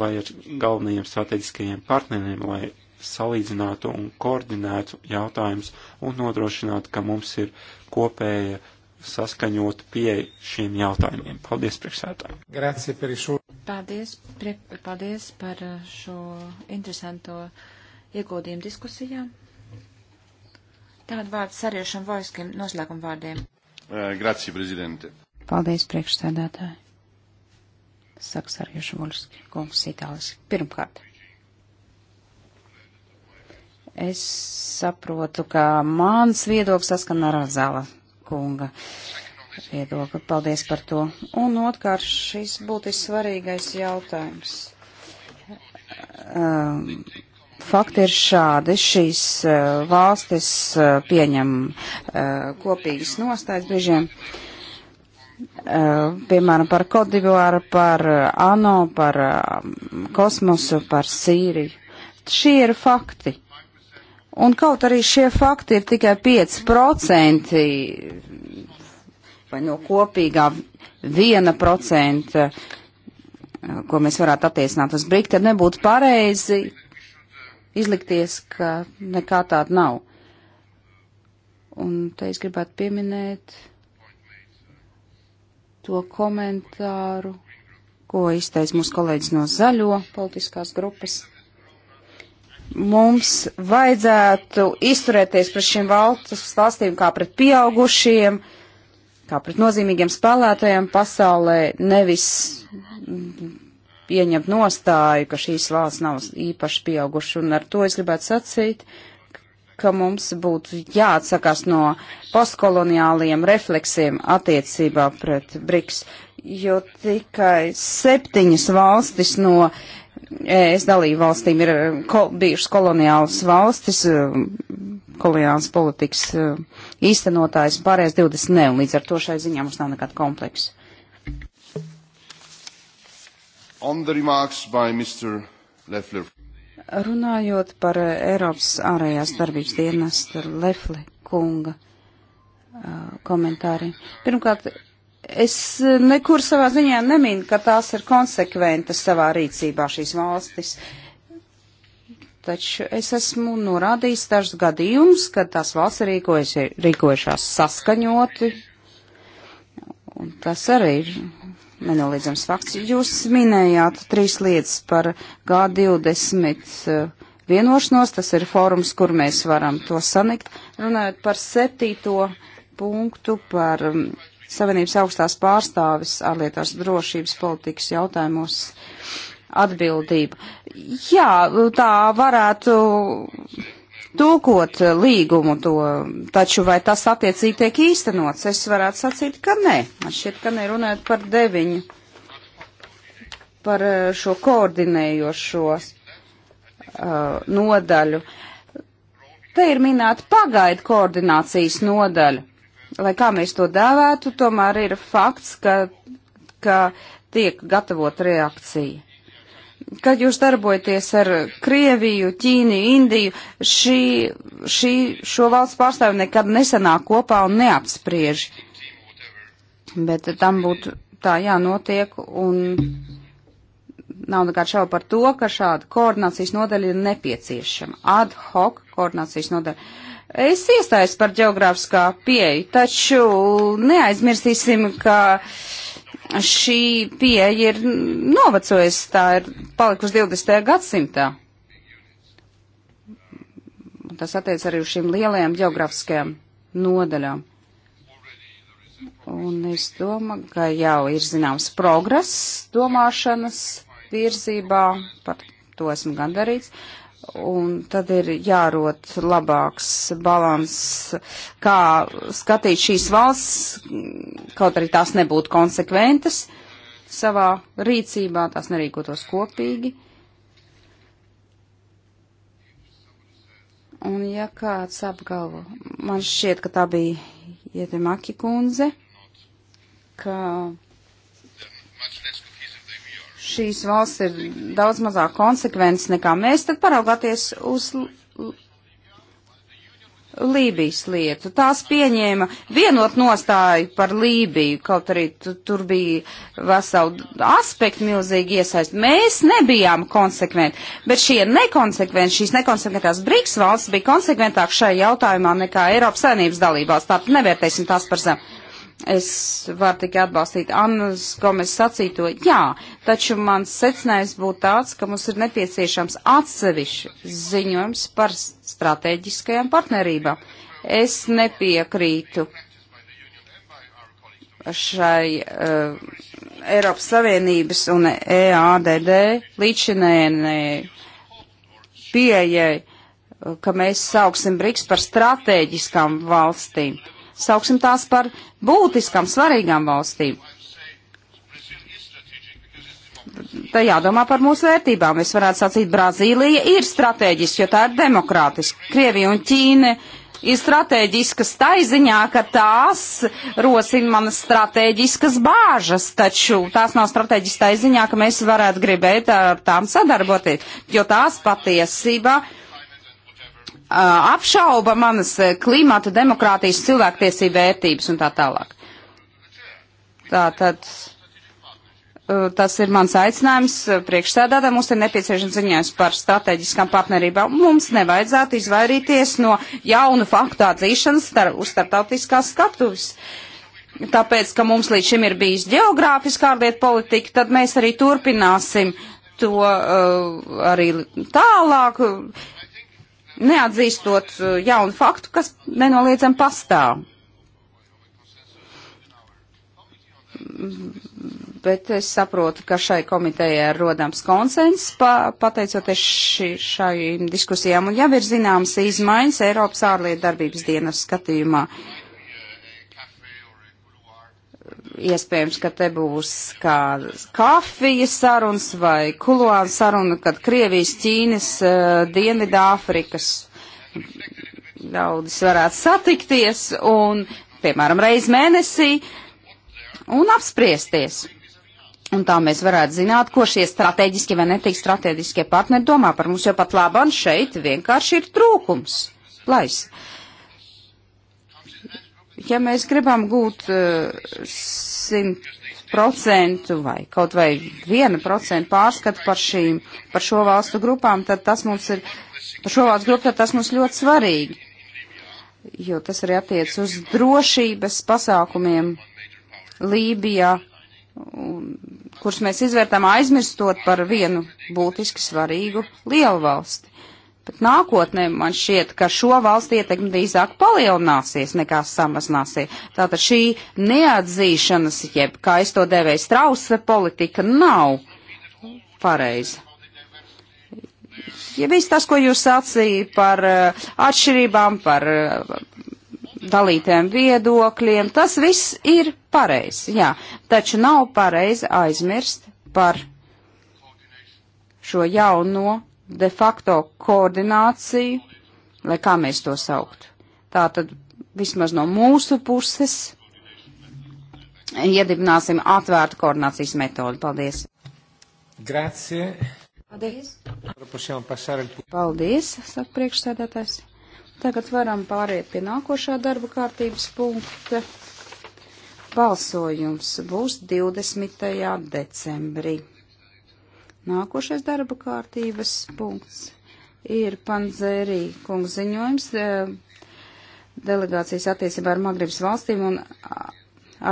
vai ar galvenajiem strateģiskajiem partneriem, lai salīdzinātu un koordinētu jautājumus un nodrošinātu, ka mums ir kopēja saskaņot pieeja šiem jautājumiem. Paldies, priekšsētāji!
Paldies, prie, paldies par uh, šo interesanto ieguldījumu diskusijām. Tagad vārds Sarjošam Vojskim noslēguma vārdiem.
Eh, grazie, prezidente.
Paldies, priekšsēdētāji. Saka Sarjoša Voļski, kungs Itālijas. Pirmkārt. Es saprotu, ka mans viedoklis saskan ar Zala kunga viedokli. Paldies par to. Un otrkārt, šis būtu svarīgais jautājums. Um, Fakti ir šādi. Šīs eh, valstis eh, pieņem eh, kopīgas nostājas biežiem. Piemēram, par Kodivāru, par ANO, par kosmosu, par Sīriju. Šie ir fakti. Un kaut arī šie fakti ir tikai 5% vai no kopīgā 1%, ko mēs varētu attiecināt uz brīdi, tad nebūtu pareizi izlikties, ka nekā tāda nav. Un te es gribētu pieminēt to komentāru, ko izteica mūsu kolēģis no zaļo politiskās grupas. Mums vajadzētu izturēties pret šiem valsts valstīm kā pret pieaugušiem, kā pret nozīmīgiem spēlētājiem pasaulē, nevis pieņemt nostāju, ka šīs valsts nav īpaši pieauguši, un ar to es gribētu sacīt, ka mums būtu jāatsakās no postkoloniāliem refleksiem attiecībā pret BRICS, jo tikai septiņas valstis no ES dalību valstīm ir ko, bijušas koloniālas valstis, eh, koloniālas politikas eh, īstenotājs, pārējais 20 ne, un līdz ar to šai ziņā mums nav nekāda kompleksa. On the remarks by Mr. Leffler. Runājot par Eiropas ārējās darbības dienesta Lefle kunga uh, komentāri. Pirmkārt, es nekur savā ziņā neminu, ka tās ir konsekventas savā rīcībā šīs valstis. Taču es esmu norādījis dažus gadījumus, kad tās valsts rīkojušās saskaņoti. Un tas arī ir nenoliedzams fakts. Jūs minējāt trīs lietas par G20 eh, vienošanos, tas ir fórums, kur mēs varam to sanikt. Runājot par septīto punktu, par mm, Savienības augstās pārstāvis ārlietās drošības politikas jautājumos atbildību. Jā, tā varētu tulkot eh, līgumu to, taču vai tas attiecīgi tiek īstenots? Es varētu sacīt, ka nē. Man šķiet, ka nē runājot par deviņu, par eh, šo koordinējošo uh, nodaļu. Te ir minēta pagaidu koordinācijas nodaļa. Lai kā mēs to dēvētu, tomēr ir fakts, ka, ka tiek gatavot reakcija kad jūs darbojaties ar Krieviju, Ķīniju, Indiju, šī, šī, šo valsts pārstāvi nekad nesanāk kopā un neapspriež. Bet tam būtu tā jānotiek un nav nekāds šaubu par to, ka šāda koordinācijas nodaļa ir nepieciešama. Ad hoc koordinācijas nodaļa. Es iestājos par geogrāfiskā pieeju, taču neaizmirsīsim, ka. Uh, šī pieeja ir novecojusi, tā ir palikusi 20. gadsimtā. Un tas attiec arī uz šīm lielajām geografiskajām nodaļām. Un es domāju, ka jau ir zināms progress domāšanas virzībā, par to esmu gandarīts, Un tad ir jārot labāks balans, kā skatīt šīs valsts, kaut arī tās nebūtu konsekventas savā rīcībā, tās nerīkotos kopīgi. Un ja kāds apgalvo, man šķiet, ka tā bija Ietemaki kundze, ka šīs valsts ir daudz mazāk konsekvences nekā mēs, tad paraugāties uz Lībijas lietu. Tās pieņēma vienot nostāju par Lībiju, kaut arī tur bija veseli aspekti milzīgi iesaist. Mēs nebijām konsekventi, bet šie nekonsekventi, šīs nekonsekventās Briks valsts bija konsekventāk šajā jautājumā nekā Eiropas saimnības dalībās. Tātad nevērtēsim tās par zem. Es varu tikai atbalstīt Annas Gomes sacīto, jā, taču mans secinājums būtu tāds, ka mums ir nepieciešams atsevišķi ziņojums par strateģiskajām partnerībām. Es nepiekrītu šai uh, Eiropas Savienības un EADD līdzinēnei pieejai, ka mēs sauksim BRICS par strateģiskām valstīm. Uh, sauksim tās par būtiskām, svarīgām valstīm. Te jādomā par mūsu vērtībām. Es varētu sacīt, Brazīlija ir strateģiska, jo tā ir demokrātiska. Krievija un Ķīna ir strateģiskas taiziņā, ka tās rosina manas strateģiskas bāžas, taču tās nav strateģiskas taiziņā, ka mēs varētu gribēt ar tām sadarboties, jo tās patiesībā. Uh, Uh, apšauba manas uh, klimata, demokrātijas, cilvēktiesību vērtības un tā tālāk. Tā tad uh, tas ir mans aicinājums priekšstādātājiem. Mums ir nepieciešams ziņojums par strateģiskām partnerībām. Mums nevajadzētu izvairīties no jaunu faktu atzīšanas starp, uz starptautiskās skatuves. Tāpēc, ka mums līdz šim ir bijis geogrāfiskā ārlietu politika, tad mēs arī turpināsim to uh, arī tālāk. Uh, neatzīstot eh, jaunu faktu, kas nenoliedzam pastāv. Bet es saprotu, ka šai komitejai ir rodams konsens, pa, pateicoties ši, šai diskusijām, un jau ir zināmas izmaiņas Eiropas ārlietu darbības dienas skatījumā. Uh, iespējams, ka te būs kā kafijas sarunas vai kuluāna saruna, kad Krievijas, Ķīnas, eh, Dienvidāfrikas ļaudis varētu satikties un, piemēram, reiz mēnesī un apspriesties. Un tā mēs varētu zināt, ko šie strateģiski vai netik strateģiskie partneri domā par mums, jo pat labam šeit vienkārši ir trūkums. Plais. Uh, ja mēs gribam gūt eh, simt uh, procentu vai kaut vai viena procentu pārskatu par šīm, par šo valstu grupām, tad tas mums ir, par šo valstu grupu, tad tas mums ļoti svarīgi, jo tas arī attiec uz drošības pasākumiem Lībijā, un, kurus mēs izvērtām aizmirstot par vienu būtiski svarīgu lielu valsti. Bet nākotnē man šķiet, ka šo valstu ietekme drīzāk palielināsies nekā samazināsies. Tātad šī neatzīšanas, jeb kā es to devēju, strausa politika nav pareiza. Ja viss tas, ko jūs sacījāt par eh, atšķirībām, par eh, dalītēm viedokļiem, tas viss ir pareizi, jā. Taču nav pareizi aizmirst par šo jauno de facto koordināciju, lai kā mēs to sauktu. Tā tad vismaz no mūsu puses iedibināsim atvērtu koordinācijas metodi. Paldies! Grazie! Paldies! Paldies, saka priekšsēdētājs. Tagad varam pāriet pie nākošā darba kārtības punkta. Balsojums būs 20. decembrī. Nākošais darba kārtības punkts ir Panzērī kungs ziņojums eh, delegācijas attiecībā ar Magribas valstīm un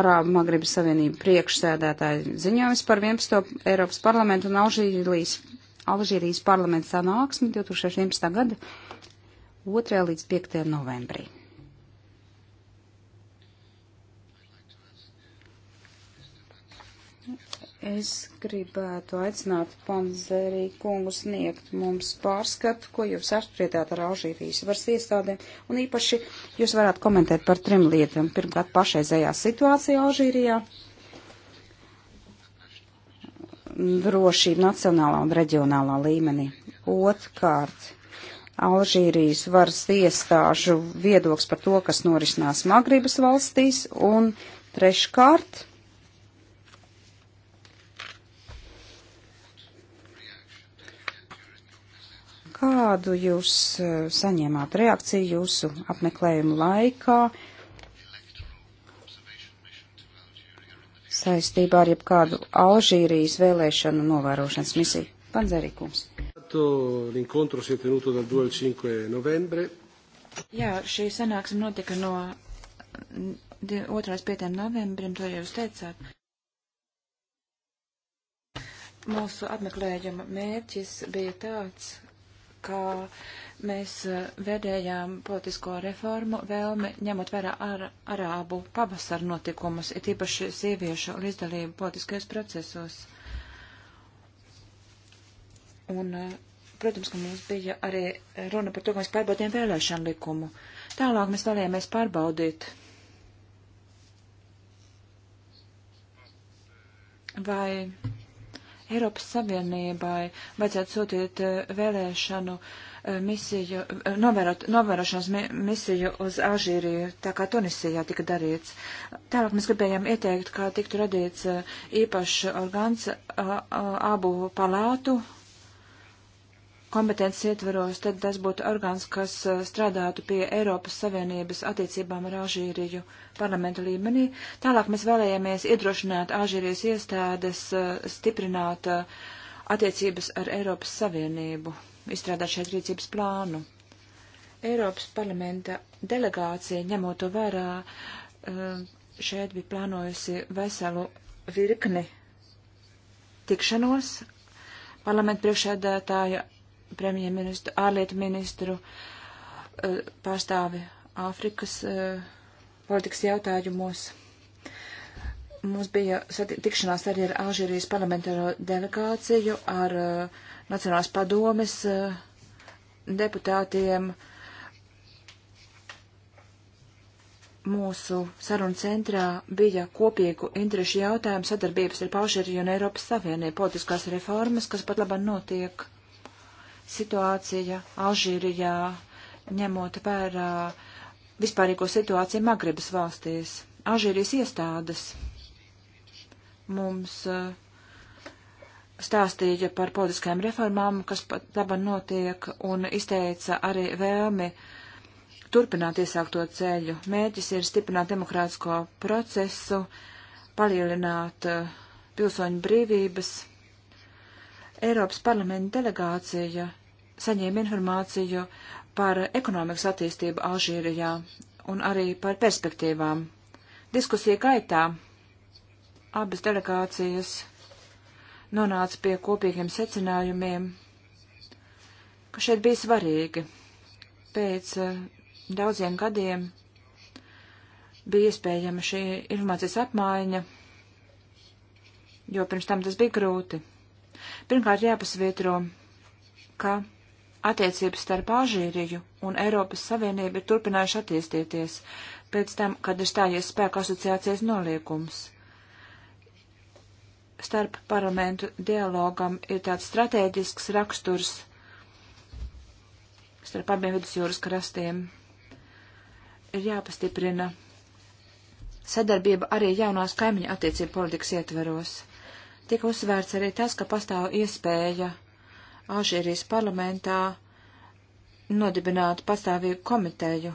Arābu Magribas Savienību priekšsēdētāju ziņojums par 11. Eiropas parlamentu un Alžīrijas, Alžīrijas parlamentu sanāksmi 2011. gada 2. līdz 5. novembrī. Es gribētu aicināt Panzerī kungu sniegt mums pārskatu, ko jūs apspriedāt ar Alžīrijas varas iestādēm, un īpaši jūs varētu komentēt par trim lietām. Pirmkārt, pašreizējā situācija Alžīrijā, drošība nacionālā un reģionālā līmenī. Otkārt, Alžīrijas varas iestāžu viedoklis par to, kas norisinās Magribas valstīs, un treškārt, Kādu jūs e, saņēmāt reakciju jūsu apmeklējumu laikā saistībā ar jebkādu Alžīrijas vēlēšanu novērošanas misiju? Panzerikums.
Jā, šī sanāksme notika no 2.5. novembrim, to jau jūs teicāt. Mūsu apmeklējuma mērķis bija tāds, ka mēs e, vedējām politisko reformu vēlme ņemot vērā ar, arābu pavasaru notikumus, ir īpaši sieviešu līdzdalību politiskajos procesos. Un, e, protams, ka mums bija arī runa par to, ka mēs pārbaudījām vēlēšanu likumu. Tālāk mēs vēlējāmies pārbaudīt, vai Eiropas Savienībai vajadzētu sūtīt eh, vēlēšanu eh, misiju, eh, novērot, novērošanas misiju uz Alžīriju, tā kā Tunisijā tika darīts. Tālāk mēs gribējām ieteikt, kā tiktu radīts īpašs orgāns abu palātu kompetences ietveros, tad tas būtu orgāns, kas eh, strādātu pie Eiropas Savienības attiecībām ar Alžīriju parlamenta līmenī. Tālāk mēs vēlējāmies iedrošināt Alžīrijas iestādes eh, stiprināt eh, attiecības ar Eiropas Savienību, izstrādāt šeit rīcības plānu. Eiropas parlamenta delegācija, ņemot to vērā, šeit bija plānojusi veselu virkni tikšanos parlamenta priekšēdētāja premjerministru, ārlietu ministru eh, pārstāvi Āfrikas eh, politikas jautājumos. Mums bija tikšanās arī ar Alžīrijas parlamentāro delegāciju, ar eh, Nacionālās padomes deputātiem. Mūsu sarunu centrā bija kopīgu interešu jautājumu sadarbības ar Paušeriju un Eiropas Savienību politiskās reformas, kas pat labāk notiek situācija Alžīrijā, ņemot vērā vispārīgo situāciju Magrebas valstīs. Alžīrijas iestādes mums eh, stāstīja par politiskajām reformām, kas pat laba notiek, un izteica arī vēlmi turpināt iesākto ceļu. Mēģis ir stiprināt demokrātisko procesu, palielināt eh, pilsoņu brīvības. Eiropas parlamenta delegācija saņēma informāciju par ekonomikas attīstību Alžīrijā un arī par perspektīvām. Diskusija gaitā abas delegācijas nonāca pie kopīgiem secinājumiem, ka šeit bija svarīgi. Pēc eh, daudziem gadiem bija iespējama šī informācijas apmaiņa, jo pirms tam tas bija grūti. Pirmkārt jāpasvietro, ka Attiecības starp Alžīriju un Eiropas Savienību ir turpinājuši attīstīties pēc tam, kad ir stājies spēka asociācijas noliekums. Starp parlamentu dialogam ir tāds strateģisks raksturs starp abiem vidusjūras krastiem. Ir jāpastiprina sadarbība arī jaunās kaimiņu attiecību politikas ietveros. Tika uzsvērts arī tas, ka pastāv iespēja Alžērijas parlamentā nodibinātu pastāvīgu komiteju,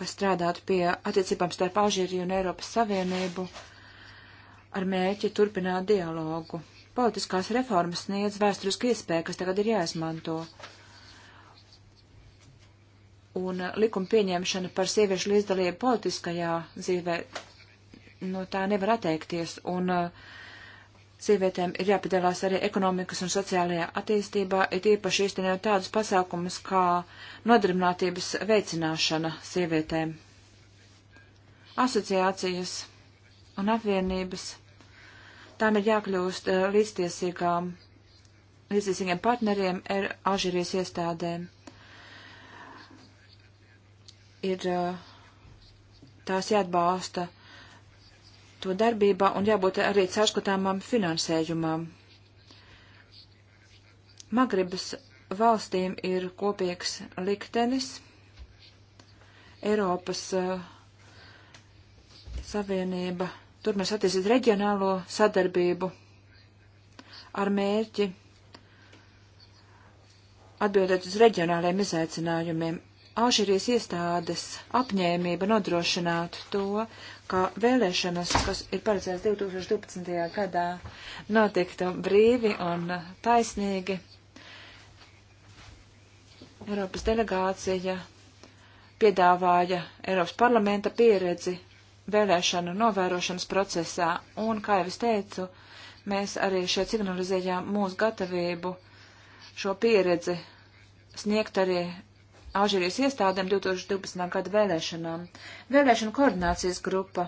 kas strādātu pie attiecībām starp Alžēriju un Eiropas Savienību ar mēķi turpināt dialogu. Politiskās reformas sniedz vēsturisku iespēju, kas tagad ir jāizmanto. Un likuma pieņemšana par sieviešu līdzdalību politiskajā dzīvē, no nu, tā nevar atteikties. Un uh, Sievietēm ir jāpiedalās arī ekonomikas un sociālajā attīstībā, ir īpaši īstenot tādus pasākumus kā nodarbinātības veicināšana sievietēm. Asociācijas un apvienības tām ir jākļūst eh, līdztiesīgām, līdztiesīgiem partneriem ar Alžīrijas iestādēm. Ir eh, tās jāatbalsta to darbībā un jābūt arī caurskatāmām finansējumam. Magribas valstīm ir kopīgs liktenis. Eiropas uh, Savienība turpinās attīstīt reģionālo sadarbību ar mērķi atbildēt uz reģionāliem izaicinājumiem. Alžīrijas iestādes apņēmība nodrošināt to, ka vēlēšanas, kas ir paredzētas 2012. gadā, notiktu brīvi un taisnīgi. Eiropas delegācija piedāvāja Eiropas parlamenta pieredzi vēlēšanu novērošanas procesā, un, kā jau es teicu, mēs arī šeit signalizējām mūsu gatavību šo pieredzi sniegt arī Alžīrijas iestādēm 2012. gada vēlēšanām. Vēlēšana koordinācijas grupa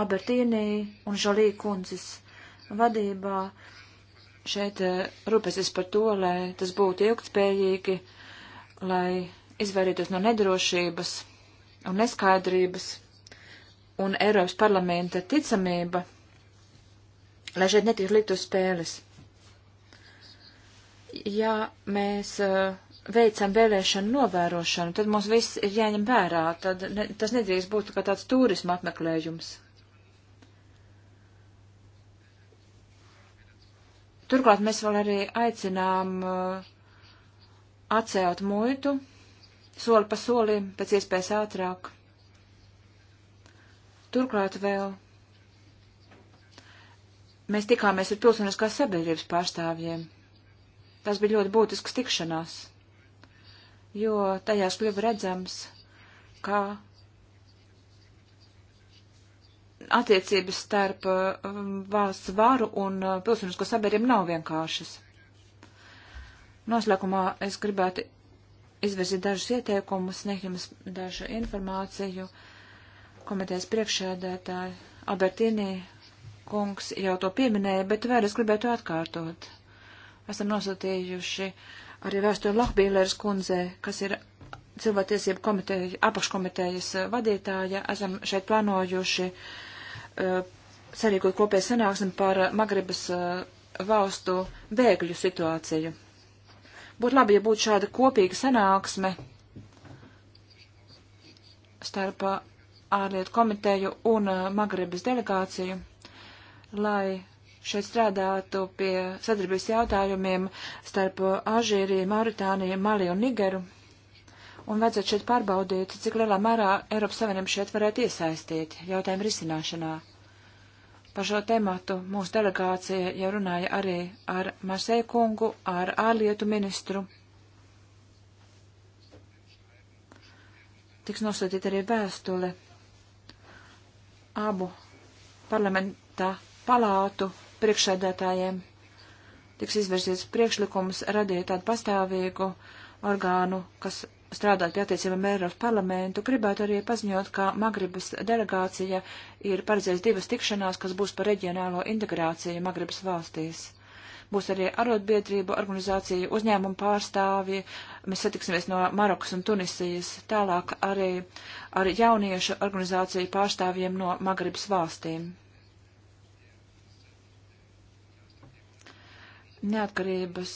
Albertīnī un Žalī kundzes vadībā šeit eh, rūpēsies par to, lai tas būtu ilgtspējīgi, lai izvairītos no nedrošības un neskaidrības un Eiropas parlamenta ticamība, lai šeit netiek likt uz spēles ja mēs uh, veicam vēlēšanu novērošanu, tad mums viss ir jāņem vērā, tad ne, tas nedrīkst būt kā tāds turisma apmeklējums. Turklāt mēs vēl arī aicinām uh, atcelt muitu soli pa solim pēc iespējas ātrāk. Turklāt vēl mēs tikāmies ar pilsoniskās sabiedrības pārstāvjiem. Tas bija ļoti būtisks tikšanās, jo tajās kļuva redzams, kā attiecības starp um, valsts varu un uh, pilsonisko sabiedrību nav vienkāršas. Noslēgumā es gribētu izvirzīt dažus ieteikumus, sniegt jums dažu informāciju. Komitejas priekšēdētāji Albertīnī kungs jau to pieminēja, bet vēl es gribētu atkārtot. Esam nosūtījuši arī vēstuli Lohbīlēras kundzē, kas ir cilvēktiesību komiteja, apakškomitejas vadītāja. Esam šeit plānojuši uh, sarīkot kopēju sanāksmi par Magribas uh, eh, valstu bēgļu situāciju. Būtu labi, ja būtu šāda kopīga sanāksme starp eh, ārlietu komiteju un Magrebas delegāciju, lai šeit strādātu pie sadarbības jautājumiem starp Alžīriju, Mauritāniju, Mali un Nigeru. Un vajadzētu šeit pārbaudīt, cik lielā mērā Eiropas Savienība šeit varētu iesaistīt jautājumu risināšanā. Par šo tematu mūsu delegācija jau runāja arī ar Masēju kungu, ar ārlietu ministru. Tiks nosūtīta arī vēstule abu parlamenta palātu priekšsēdētājiem tiks izvirzīts priekšlikums radīt tādu pastāvīgu orgānu, kas strādāt pie attiecībām Eiropas parlamentu, gribētu arī paziņot, ka Magribas delegācija ir paredzējusi divas tikšanās, kas būs par reģionālo integrāciju Magribas valstīs. Būs arī arotbiedrību organizācija, uzņēmumu pārstāvji, mēs satiksimies no Marokas un Tunisijas, tālāk arī ar jauniešu organizāciju pārstāvjiem no Magribas valstīm. neatkarības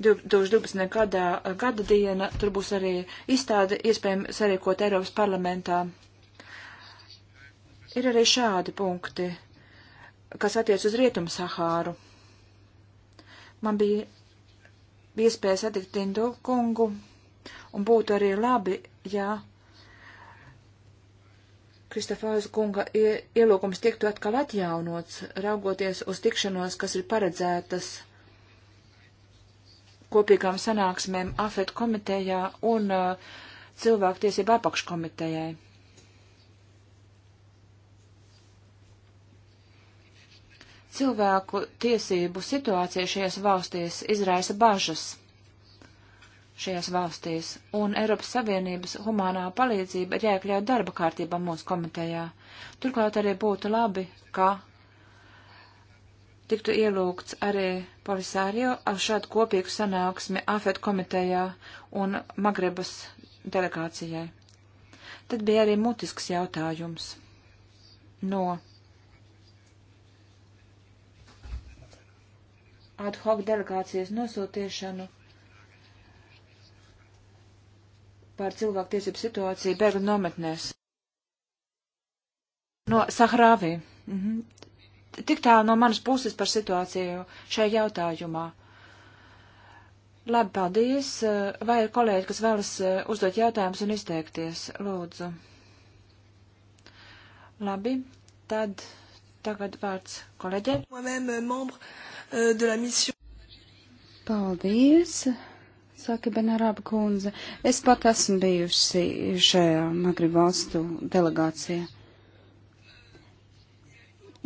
2012. Eh, gadā eh, gada diena, tur būs arī izstāde iespējami sarīkot Eiropas parlamentā. Ir arī šādi punkti, kas attiec uz Rietumu Sahāru. Man bija, bija iespēja satikt Tindu kungu, un būtu arī labi, ja Kristofāras kunga ielūgums tiktu atkal atjaunots, raugoties uz tikšanos, kas ir paredzētas kopīgām sanāksmēm AFET komitejā un uh, cilvēktiesība apakškomitejai. Cilvēku tiesību situācija šajās valstīs izraisa bažas šajās valstīs, un Eiropas Savienības humānā palīdzība ir jāiekļaut darba kārtībā mūsu komitejā. Turklāt arī būtu labi, ka tiktu ielūgts arī polisārio ar šādu kopīgu sanāksmi AFET komitejā un Magrebas delegācijai. Tad bija arī mutisks jautājums no ad hoc delegācijas nosūtiešanu par cilvēktiesību situāciju bēgļu nometnēs. No Sahrāvī. Mhm. Tik tā no manas puses par situāciju šajā jautājumā. Labi, paldies. Vai ir kolēģi, kas vēlas eh, uzdot jautājumus un izteikties? Lūdzu. Labi, tad tagad vārds kolēģiem.
Euh, paldies. Saka Benarāba kundze, es pat esmu bijusi šajā Magrib valstu delegācijā.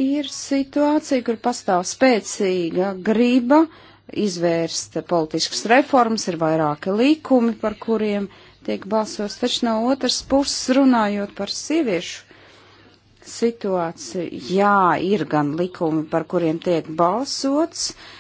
Ir situācija, kur pastāv spēcīga grība izvērst politiskas reformas, ir vairāki līkumi, par kuriem tiek balsos, taču no otras puses runājot par sieviešu situāciju, jā, ir gan likumi, par kuriem tiek balsots, uh,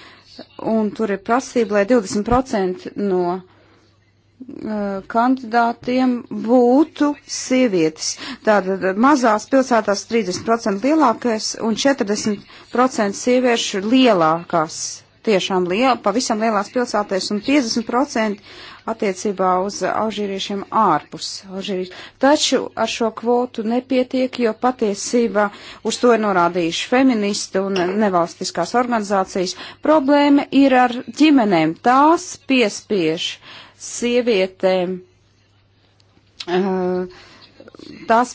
un tur ir prasība, lai 20% no eh, kandidātiem būtu sievietes. Tātad mazās pilsētās 30% lielākais un 40% sieviešu lielākās, tiešām liel, pavisam lielās pilsētēs un 50% attiecībā uz alžīriešiem ārpus Alžīrijas. Taču ar šo kvotu nepietiek, jo patiesībā uz to ir norādījuši feministi un nevalstiskās organizācijas. Problēma ir ar ģimenēm. Tās piespiež sievietēm. Uh, tās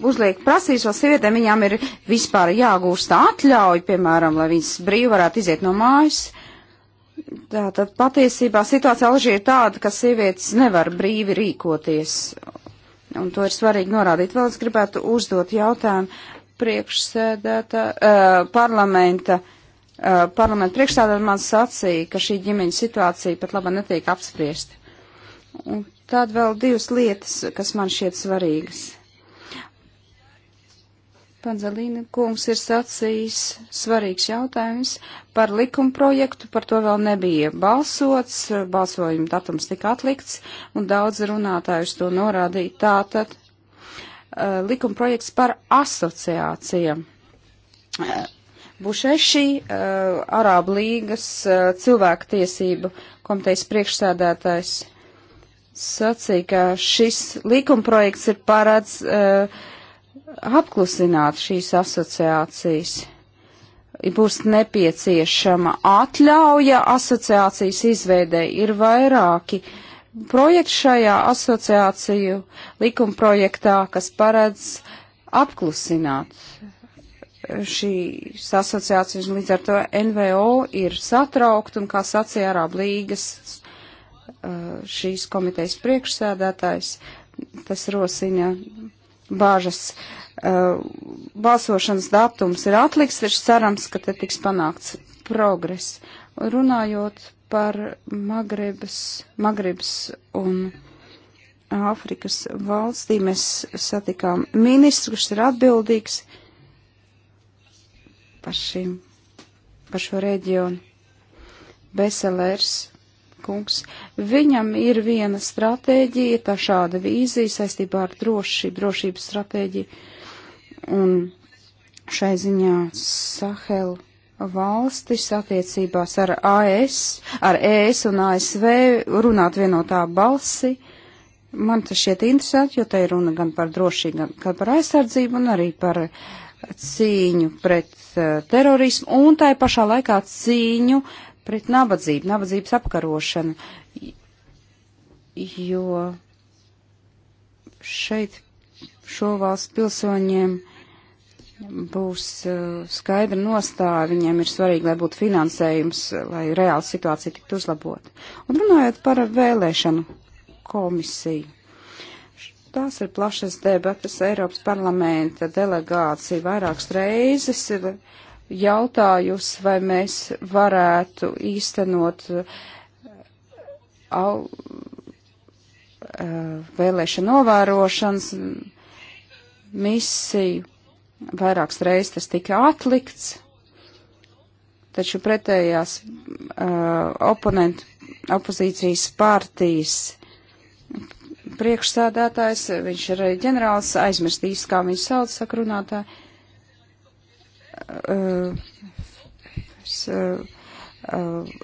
uzliek prasīs vēl sievietēm, viņām ir vispār jāgūst atļauja, piemēram, lai viņas brīvi varētu iziet no mājas. Tātad patiesībā situācija Alžīra ir tāda, ka sievietes nevar brīvi rīkoties, un to ir svarīgi norādīt. Vēl es gribētu uzdot jautājumu priekšsēdētā uh, parlamenta. Uh, parlamenta priekšstādātāja man sacīja, ka šī ģimeņa situācija pat laba netiek apspriesta. Un tad vēl divas lietas, kas man šķiet svarīgas. Panzelīna kungs ir sacījis svarīgs jautājums par likumprojektu, par to vēl nebija balsots, balsojuma datums tika atlikts, un daudz runātājus to norādīja. Tātad uh, likumprojekts par asociācijām. Uh, Bušeši, uh, Arābu līgas uh, cilvēktiesību komitejas priekšsēdētājs, sacīja, ka šis likumprojekts ir parāds. Uh, apklusināt šīs asociācijas. Būs nepieciešama atļauja asociācijas izveidē. Ir vairāki projekti šajā asociāciju likumprojektā, kas paredz apklusināt šīs asociācijas. Līdz ar to NVO ir satraukt un, kā sacīja Arāb līgas uh, šīs komitejas priekšsēdētājs, tas rosina bāžas. Uh, balsošanas datums ir atliks, ir cerams, ka te tiks panākts progress. Runājot par Magrebas, Magrebas un Āfrikas valstī, mēs satikām ministru, kurš ir atbildīgs par, šim, par šo reģionu. Beselērs kungs. Viņam ir viena stratēģija, tā šāda vīzija saistībā ar drošību, drošības stratēģiju. Un šai ziņā Sahel valstis attiecībās ar AS, ar ES un ASV runāt vienotā balsi. Man tas šķiet interesanti, jo te ir runa gan par drošību, gan par aizsardzību un arī par cīņu pret uh, terorismu un tai pašā laikā cīņu uh, pret nabadzību, nabadzības apkarošanu, jo šeit šo valstu pilsoņiem būs uh, skaidra nostāja, viņiem ir svarīgi, lai būtu finansējums, uh, lai reāla situācija tiktu uzlabota. Un runājot par vēlēšanu komisiju. Tās ir plašas debatas Eiropas parlamenta delegācija vairākas reizes ir jautājusi, vai mēs varētu īstenot uh, au, uh, vēlēšana novērošanas misiju. Vairākas reizes tas tika atlikts, taču pretējās uh, oponentu opozīcijas partijas priekšsādātājs, viņš ir ģenerālis, aizmirstīs, kā viņu sauc, sakrunātāji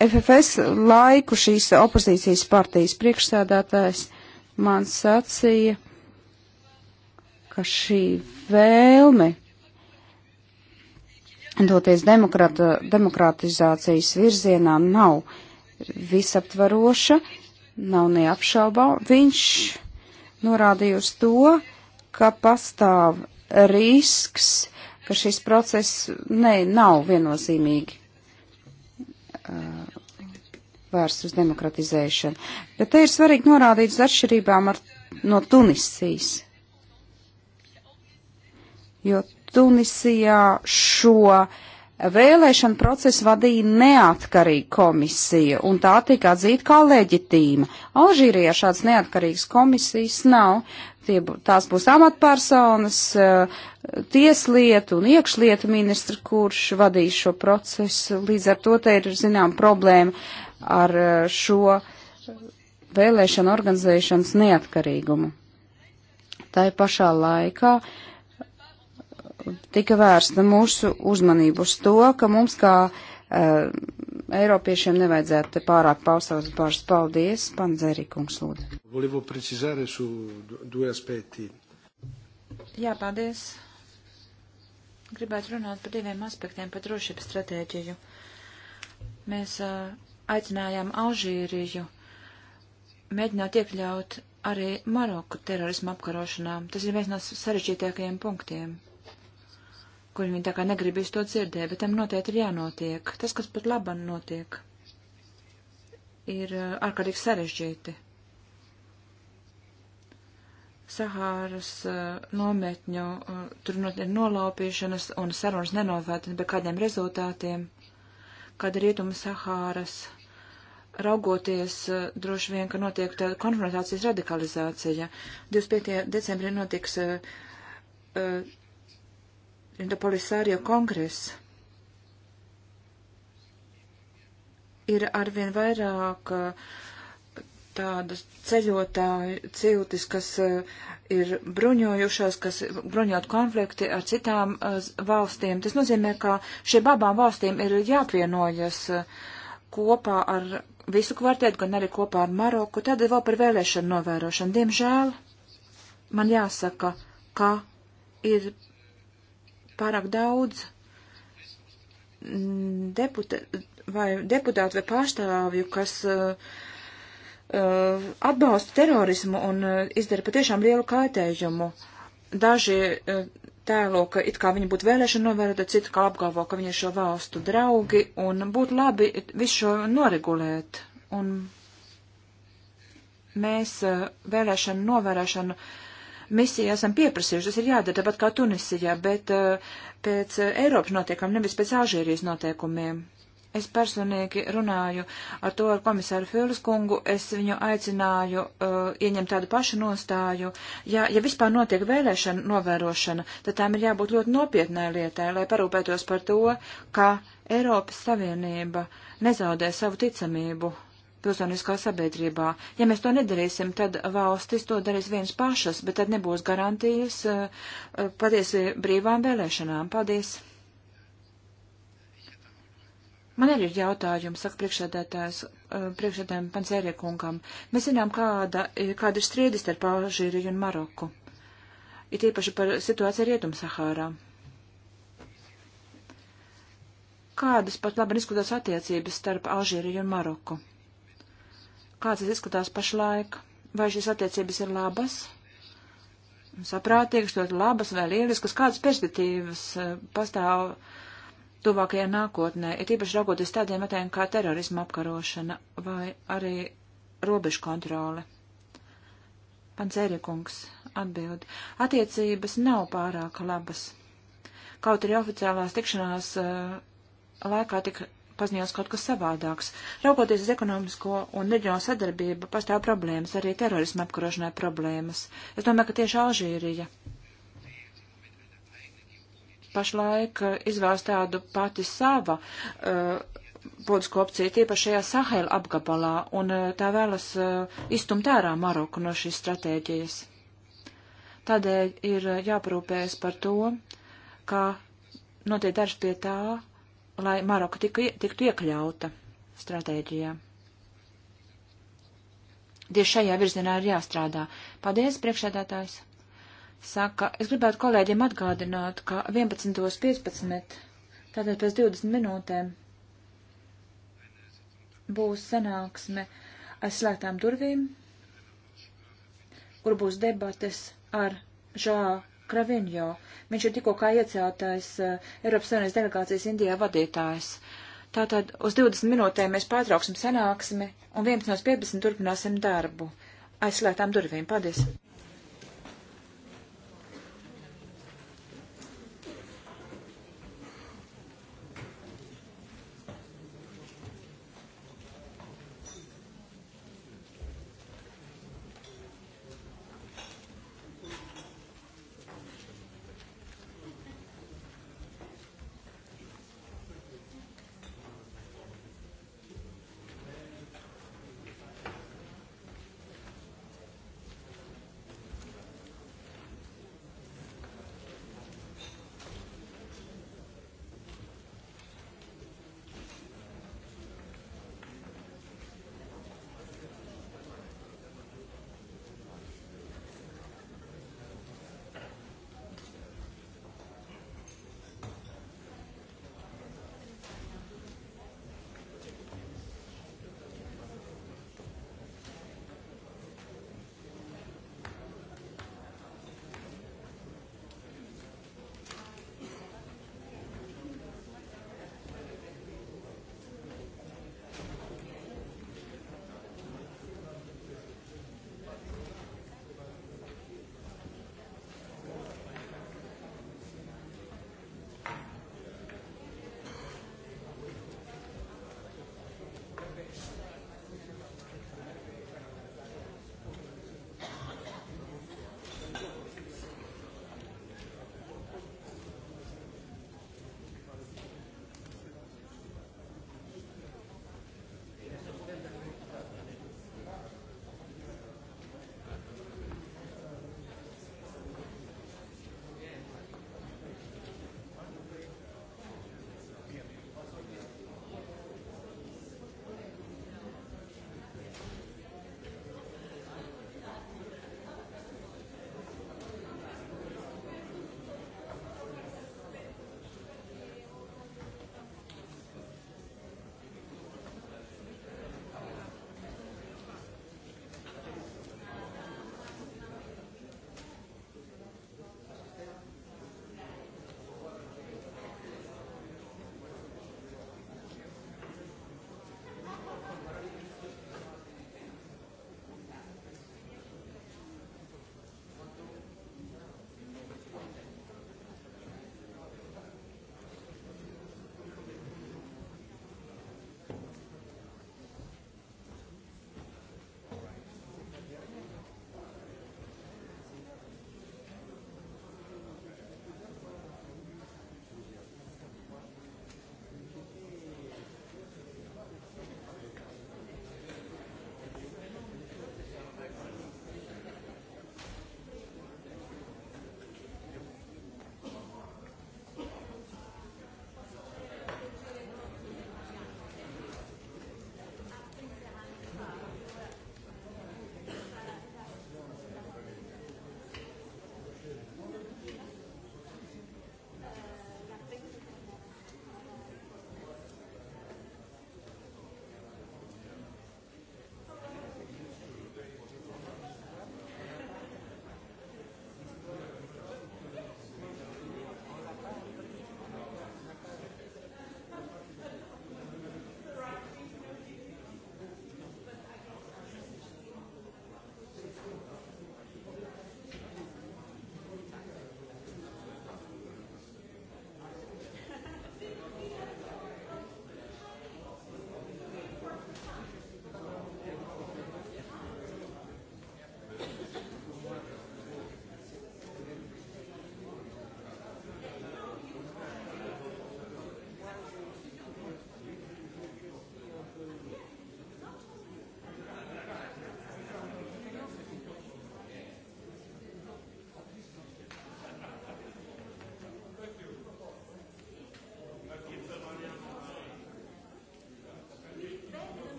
FFS uh, uh, laiku šīs opozīcijas partijas priekšsēdētājs man sacīja, ka šī vēlme doties demokratizācijas virzienā nav visaptvaroša, nav neapšaubā. Viņš norādīja uz to, ka pastāv risks ka šis process ne, nav viennozīmīgi uh, vērsts uz demokratizēšanu. Bet te ir svarīgi norādīt uz atšķirībām ar, no Tunisijas. Jo Tunisijā šo vēlēšanu procesu vadīja neatkarīga komisija, un tā tika atzīta kā leģitīma. Alžīrijā šāds neatkarīgs komisijas nav, Tie, tās būs amatpersonas, eh, tieslietu un iekšlietu ministra, kurš vadīs šo procesu. Līdz ar to te ir, zinām, problēma ar eh, šo eh, vēlēšanu organizēšanas neatkarīgumu. Tā ir pašā laikā tika vērsta mūsu uzmanību uz to, ka mums kā uh, Eiropiešiem nevajadzētu pārāk paust savas pāris paldies. Pan Dzerīkungs lūdzu. Volevo precisare su due aspetti.
Jā, paldies. Gribētu runāt par diviem aspektiem, par drošības stratēģiju. Mēs uh, aicinājām Alžīriju mēģināt iekļaut arī Maroku terorismu apkarošanā. Tas ir viens no sarežģītākajiem punktiem, kur viņi tā kā negribīs to dzirdēt, bet tam noteikti ir jānotiek. Tas, kas pat laban notiek, ir ārkārtīgi sarežģīti. Sahāras eh, nometņu, eh, tur notiek nolaupīšanas un sarunas nenovētas bez kādiem rezultātiem, kad rietuma Sahāras raugoties, eh, droši vien, ka notiek tāda konfrontācijas radikalizācija. 25. decembrī notiks uh, uh, polisārio kongress. Ir arvien vairāk uh, tādas ceļotāju ciltis, kas uh, ir bruņojušās, kas bruņot konflikti ar citām uh, valstīm. Tas nozīmē, ka šiem abām valstīm ir jāpienojas uh, eh, kopā ar visu kvartētu, gan arī kopā ar Maroku. Tad vēl par vēlēšanu novērošanu. Diemžēl man jāsaka, ka ir pārāk daudz mm, deputa, vai deputātu vai pārstāvju, kas uh, Uh, atbalsta terorismu un uh, izdara patiešām lielu kaitējumu. Daži uh, tēlo, ka it kā viņi būtu vēlēšana novērota, citi kā apgalvo, ka viņi ir šo valstu draugi, un būtu labi visu šo noregulēt. Un mēs vēlēšanu novērošanu misiju esam pieprasījuši, tas ir jādara tāpat kā Tunisijā, bet pēc Eiropas noteikumiem, nevis pēc Alžīrijas noteikumiem. Es personīgi runāju ar to ar komisāru Fīlis kungu, es viņu aicināju uh, ieņemt tādu pašu nostāju. Ja, ja vispār notiek vēlēšana novērošana, tad tām ir jābūt ļoti nopietnai lietai, lai parūpētos par to, ka Eiropas Savienība nezaudē savu ticamību pilsoniskā sabiedrībā. Ja mēs to nedarīsim, tad valstis to darīs viens pašas, bet tad nebūs garantijas uh, patiesi brīvām vēlēšanām. Paldies! Man arī ir jautājums, saka priekšsēdētājs, eh, priekšsēdētājiem Pancērija kungam. Mēs zinām, kāda, eh, kāda ir strīdis starp Alžīriju un Maroku. Ir īpaši par situāciju Rietum-Sahārā. Kādas pat labi izskatās attiecības starp Alžīriju un Maroku? Kāds tas izskatās pašlaik? Vai šīs attiecības ir labas? Saprātīgas, ļoti labas vai lieliskas? Kādas perspektīvas eh, pastāv? Uh, tuvākajā nākotnē, ir īpaši raugoties tādiem metējiem kā terorisma apkarošana vai arī robežu kontrole. Pants Erikungs atbild. Attiecības nav pārāk labas. Kaut arī oficiālās tikšanās uh, laikā tika paziņots kaut kas savādāks. Raugoties uz ekonomisko un reģionu sadarbību, pastāv problēmas, arī terorisma apkarošanai problēmas. Es domāju, ka tieši Alžīrija pašlaik eh, izvēlas tādu pati sava uh, eh, politisko opciju, tīpaši šajā Sahela apgabalā, un uh, tā vēlas uh, iztumt ārā Maroku no šīs stratēģijas. Tādēļ ir jāparūpējas par to, kā notiek darbs pie tā, lai Maroka tiku, tiktu iekļauta stratēģijā. Tieši šajā virzienā ir jāstrādā. Paldies, priekšsēdētājs! saka, es gribētu kolēģiem atgādināt, ka 11.15, tātad pēc 20 minūtēm, būs sanāksme aizslēgtām durvīm, kur būs debates ar Žā Kraviņo. Viņš ir tikko kā ieceltais uh, Eiropas Savienības delegācijas Indijā vadītājs. Tātad uz 20 minūtēm mēs pārtrauksim sanāksmi un 11.15 turpināsim darbu. Aizslēgtām durvīm. Paldies!